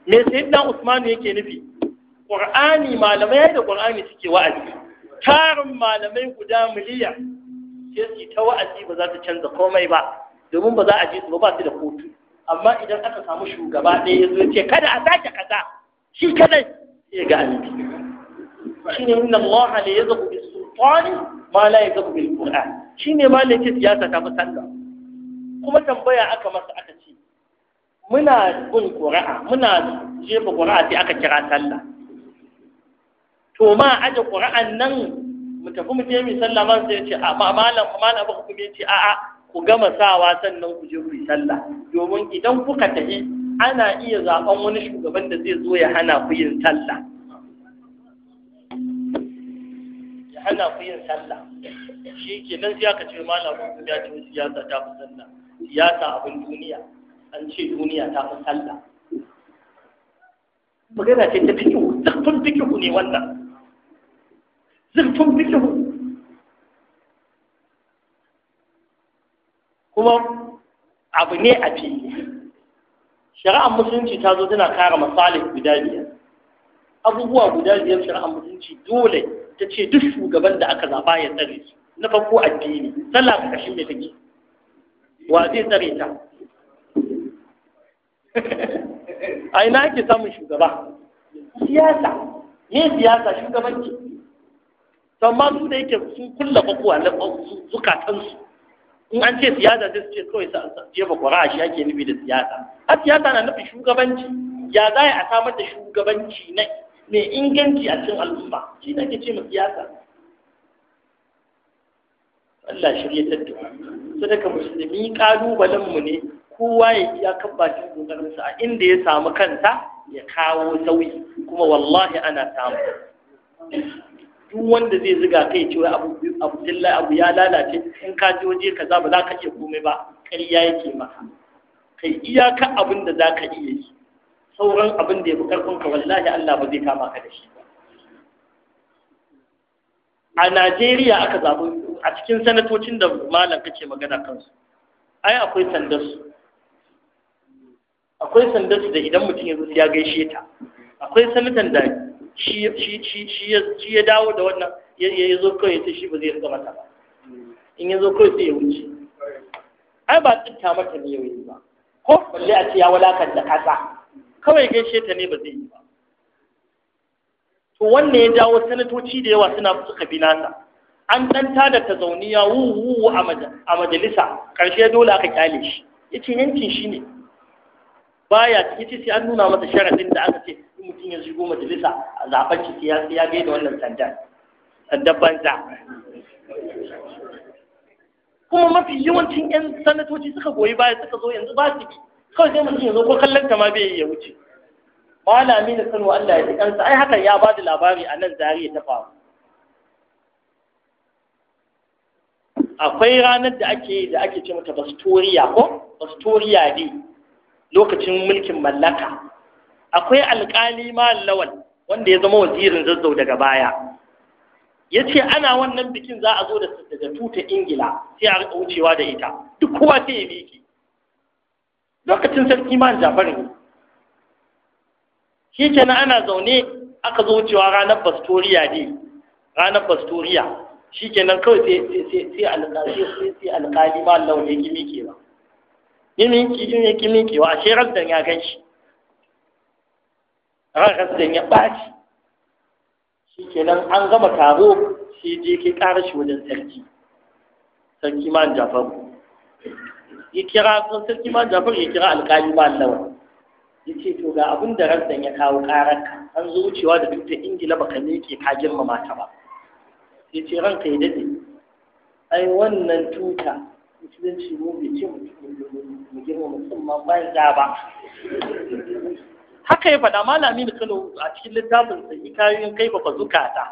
me sai ɗan Usman yake nufi Ƙur'ani, malamai da ƙur'ani suke wa'azi tarin malamai guda miliyan sai su ta wa'azi ba za ta canza komai ba domin ba za a ji su ba ba su da kotu amma idan aka samu shugaba ɗaya ya zo ce kada a sake kaza shi kadai ya ga shi ne inna Allah ne ya zaɓi sultani ma la ya bil qur'an ne ma ne ke siyasa ta musalla kuma tambaya aka masa aka ce muna bin qur'a muna jefa qur'a sai aka kira sallah to ma aje qur'an nan mu tafi mu je mu sallama sai ya ce a malam malam abu ya ce a'a ku gama sawa sannan ku je ku yi sallah domin idan kuka tafi ana iya zaɓen wani shugaban da zai zo ya hana ku yin sallah ya hana ku yin sallah shi ke nan sai aka ce malamin ya ce siyasa ta fi sallah siyasa abin duniya an ce duniya ta fi sallah magana ce ta fikihu zurfin fikihu ne wannan fi kyau kuma abu ne a fi shari'ar musulunci ta zo tana kare masalih guda biyar abubuwa guda biyar shari'ar musulunci dole ta ce duk shugaban da aka zaba ya tsare su na farko addini sallah ta kashin da take wa zai tsare ta a ina ake samun shugaba siyasa me siyasa shugabanci to amma su da yake sun kulla kwakwa na zukatansu in an ce siyasa sai su ce kawai jefa ƙwara'a shi ake nufi da siyasa a siyasa na nufin shugabanci ya za a samar da shugabanci na mai inganci a cikin al'umma shi ne ake ce ma siyasa Allah shirye ta su sadaka musulmi kalubalen mu ne kowa ya iya kabbatin kokarin a inda ya samu kansa ya kawo sauyi kuma wallahi ana samu duk wanda zai ziga kai cewa abu abdullahi abu ya lalace in ka je waje kaza ba za ka iya komai ba ƙarya yake maka kai iyaka abin da za ka iya yi sauran abin da ya fi karfin ka wallahi Allah ba zai kama ka da shi ba a Najeriya aka zaɓi a cikin sanatocin da malam kake magana kansu ai akwai su. akwai su da idan mutum ya zo ya gaishe ta akwai sanatan da shi ya dawo da wannan ya zo kawai sai shi ba zai riga mata ba in ya zo kawai sai ya wuce ai ba tsinta mata ne yau yi ba ko balle a ce ya da kasa kawai gaishe ta ne ba zai yi ba to wannan ya jawo sanatoci da yawa suna suka bi nasa an dan tada ta zauniya wuwu a majalisa karshe dole aka kyale shi yace yankin shi ne baya yace sai an nuna masa sharadin da aka ce mutum ya shigo majalisa a zaben ciki ya ya da wannan sandan sandan banza kuma mafi yawancin yan sanatoci suka goyi baya suka zo yanzu ba su kawai sai mutum ya zo ko kallon ta ma bai yi ya wuce Ba na sanu Allah ya ji kansa ai haka ya da labari a nan zariya ta faru akwai ranar da ake da ake ce mata bastoriya ko bastoriya ne lokacin mulkin mallaka akwai alƙali lawal wanda ya zama wazirin zazzau daga baya ya ce ana wannan bikin za a zo da daga tuta ingila sai a wucewa da ita duk kowa sai ya miki lokacin sarki man jafar ne shi na ana zaune aka zo wucewa ranar bastoriya ne ranar bastoriya shi nan kawai sai sai alƙali ma launi ya ki mikewa ya mikewa a shirar da ya gan shi ran dan ya ɓaci shi kenan an gama taro sai je kai ƙara shi wajen sarki sarki man jafar ya kira sun sarki man jafar ya kira alƙali man lawa ya ce to ga abin da ran ya kawo ƙararka an zo wucewa da duk da ingila baka ne ke ka girmama ta ba ya ce ranka ya daɗe ai wannan tuta musulunci mu bai ce mu girmama musamman ya ba haka ya faɗa malami da kano a cikin littafin sa kayoyin kai ba zukata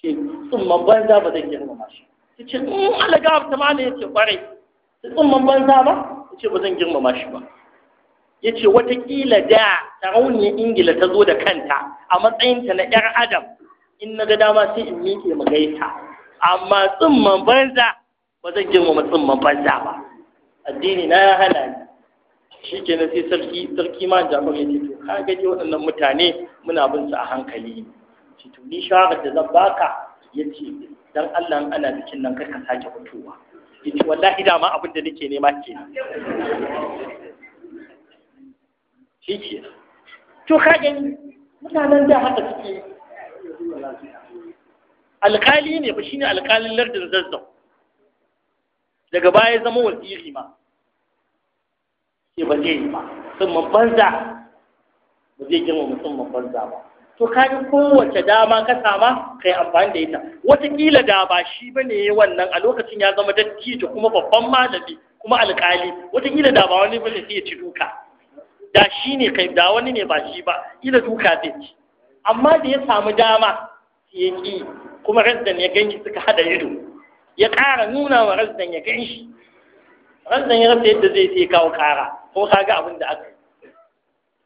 ce mamban banza ba zai girmama shi ta ce in alaga ta mana ya ce kwarai mm, mamban banza ba ya ce ba zan girmama shi ba ya ce watakila da sarauniyar ingila ta zo da kanta a matsayinta na yar adam in na ga dama sai in miƙe gaita. amma tsumman banza ba zan girmama tsumman banza ba addini na ya hana ni shi ke sai sarki sarki ma jafar ya ce to ka gaji waɗannan mutane muna bin su a hankali ce to ni shawarar da zan baka ya ce dan Allah ana bikin nan karka sake fitowa ya ce wallahi dama abin da nake nema ke shi ke to ka ni? mutanen da haka suke alkali ne ba shine alkalin lardin zazzau daga baya zama waziri ma ce ba zai yi ba musamman banza ba zai girma musamman banza ba to kaga kowace dama ka sama ka yi amfani da ita wataƙila da ba shi ba ne wannan a lokacin ya zama dattijo kuma babban malami kuma alƙali wataƙila da ba wani ba ne sai ya ci duka da shi ne kai da wani ne ba shi ba ila duka zai ci amma da ya samu dama ya ƙi kuma razdan ya ganyi suka hada ido ya ƙara nuna wa razdan ya ganshi razdan ya rasa yadda zai sai kawo ƙara ko ga abin da aka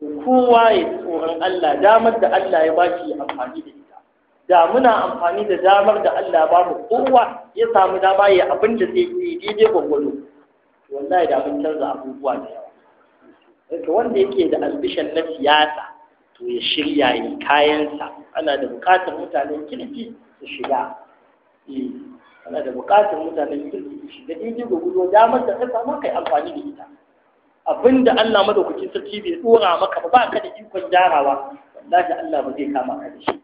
yi kowa ya tsoron Allah damar da Allah ya ba shi amfani da ita da muna amfani da damar da Allah ba mu kowa ya samu dama ya abin da zai yi daidai gwagwado wanda ya mun canza abubuwa da yawa wanda yake da albishan na siyasa to ya shirya yi kayansa ana da bukatar mutanen kirki su shiga eh, ana da bukatar mutanen kirki su shiga daidai gwagwado damar da ka samu kai amfani da ita abinda Allah madaukakin sarki bai dora maka ba ba ka da ikon gyarawa wallahi Allah ba zai kama ka da shi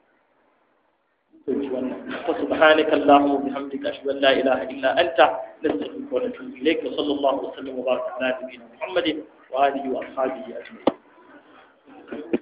فسبحانك اللهم وبحمدك اشهد ان لا اله الا انت نستغفرك ونتوب اليك وصلى الله وسلم وبارك على نبينا محمد واله واصحابه اجمعين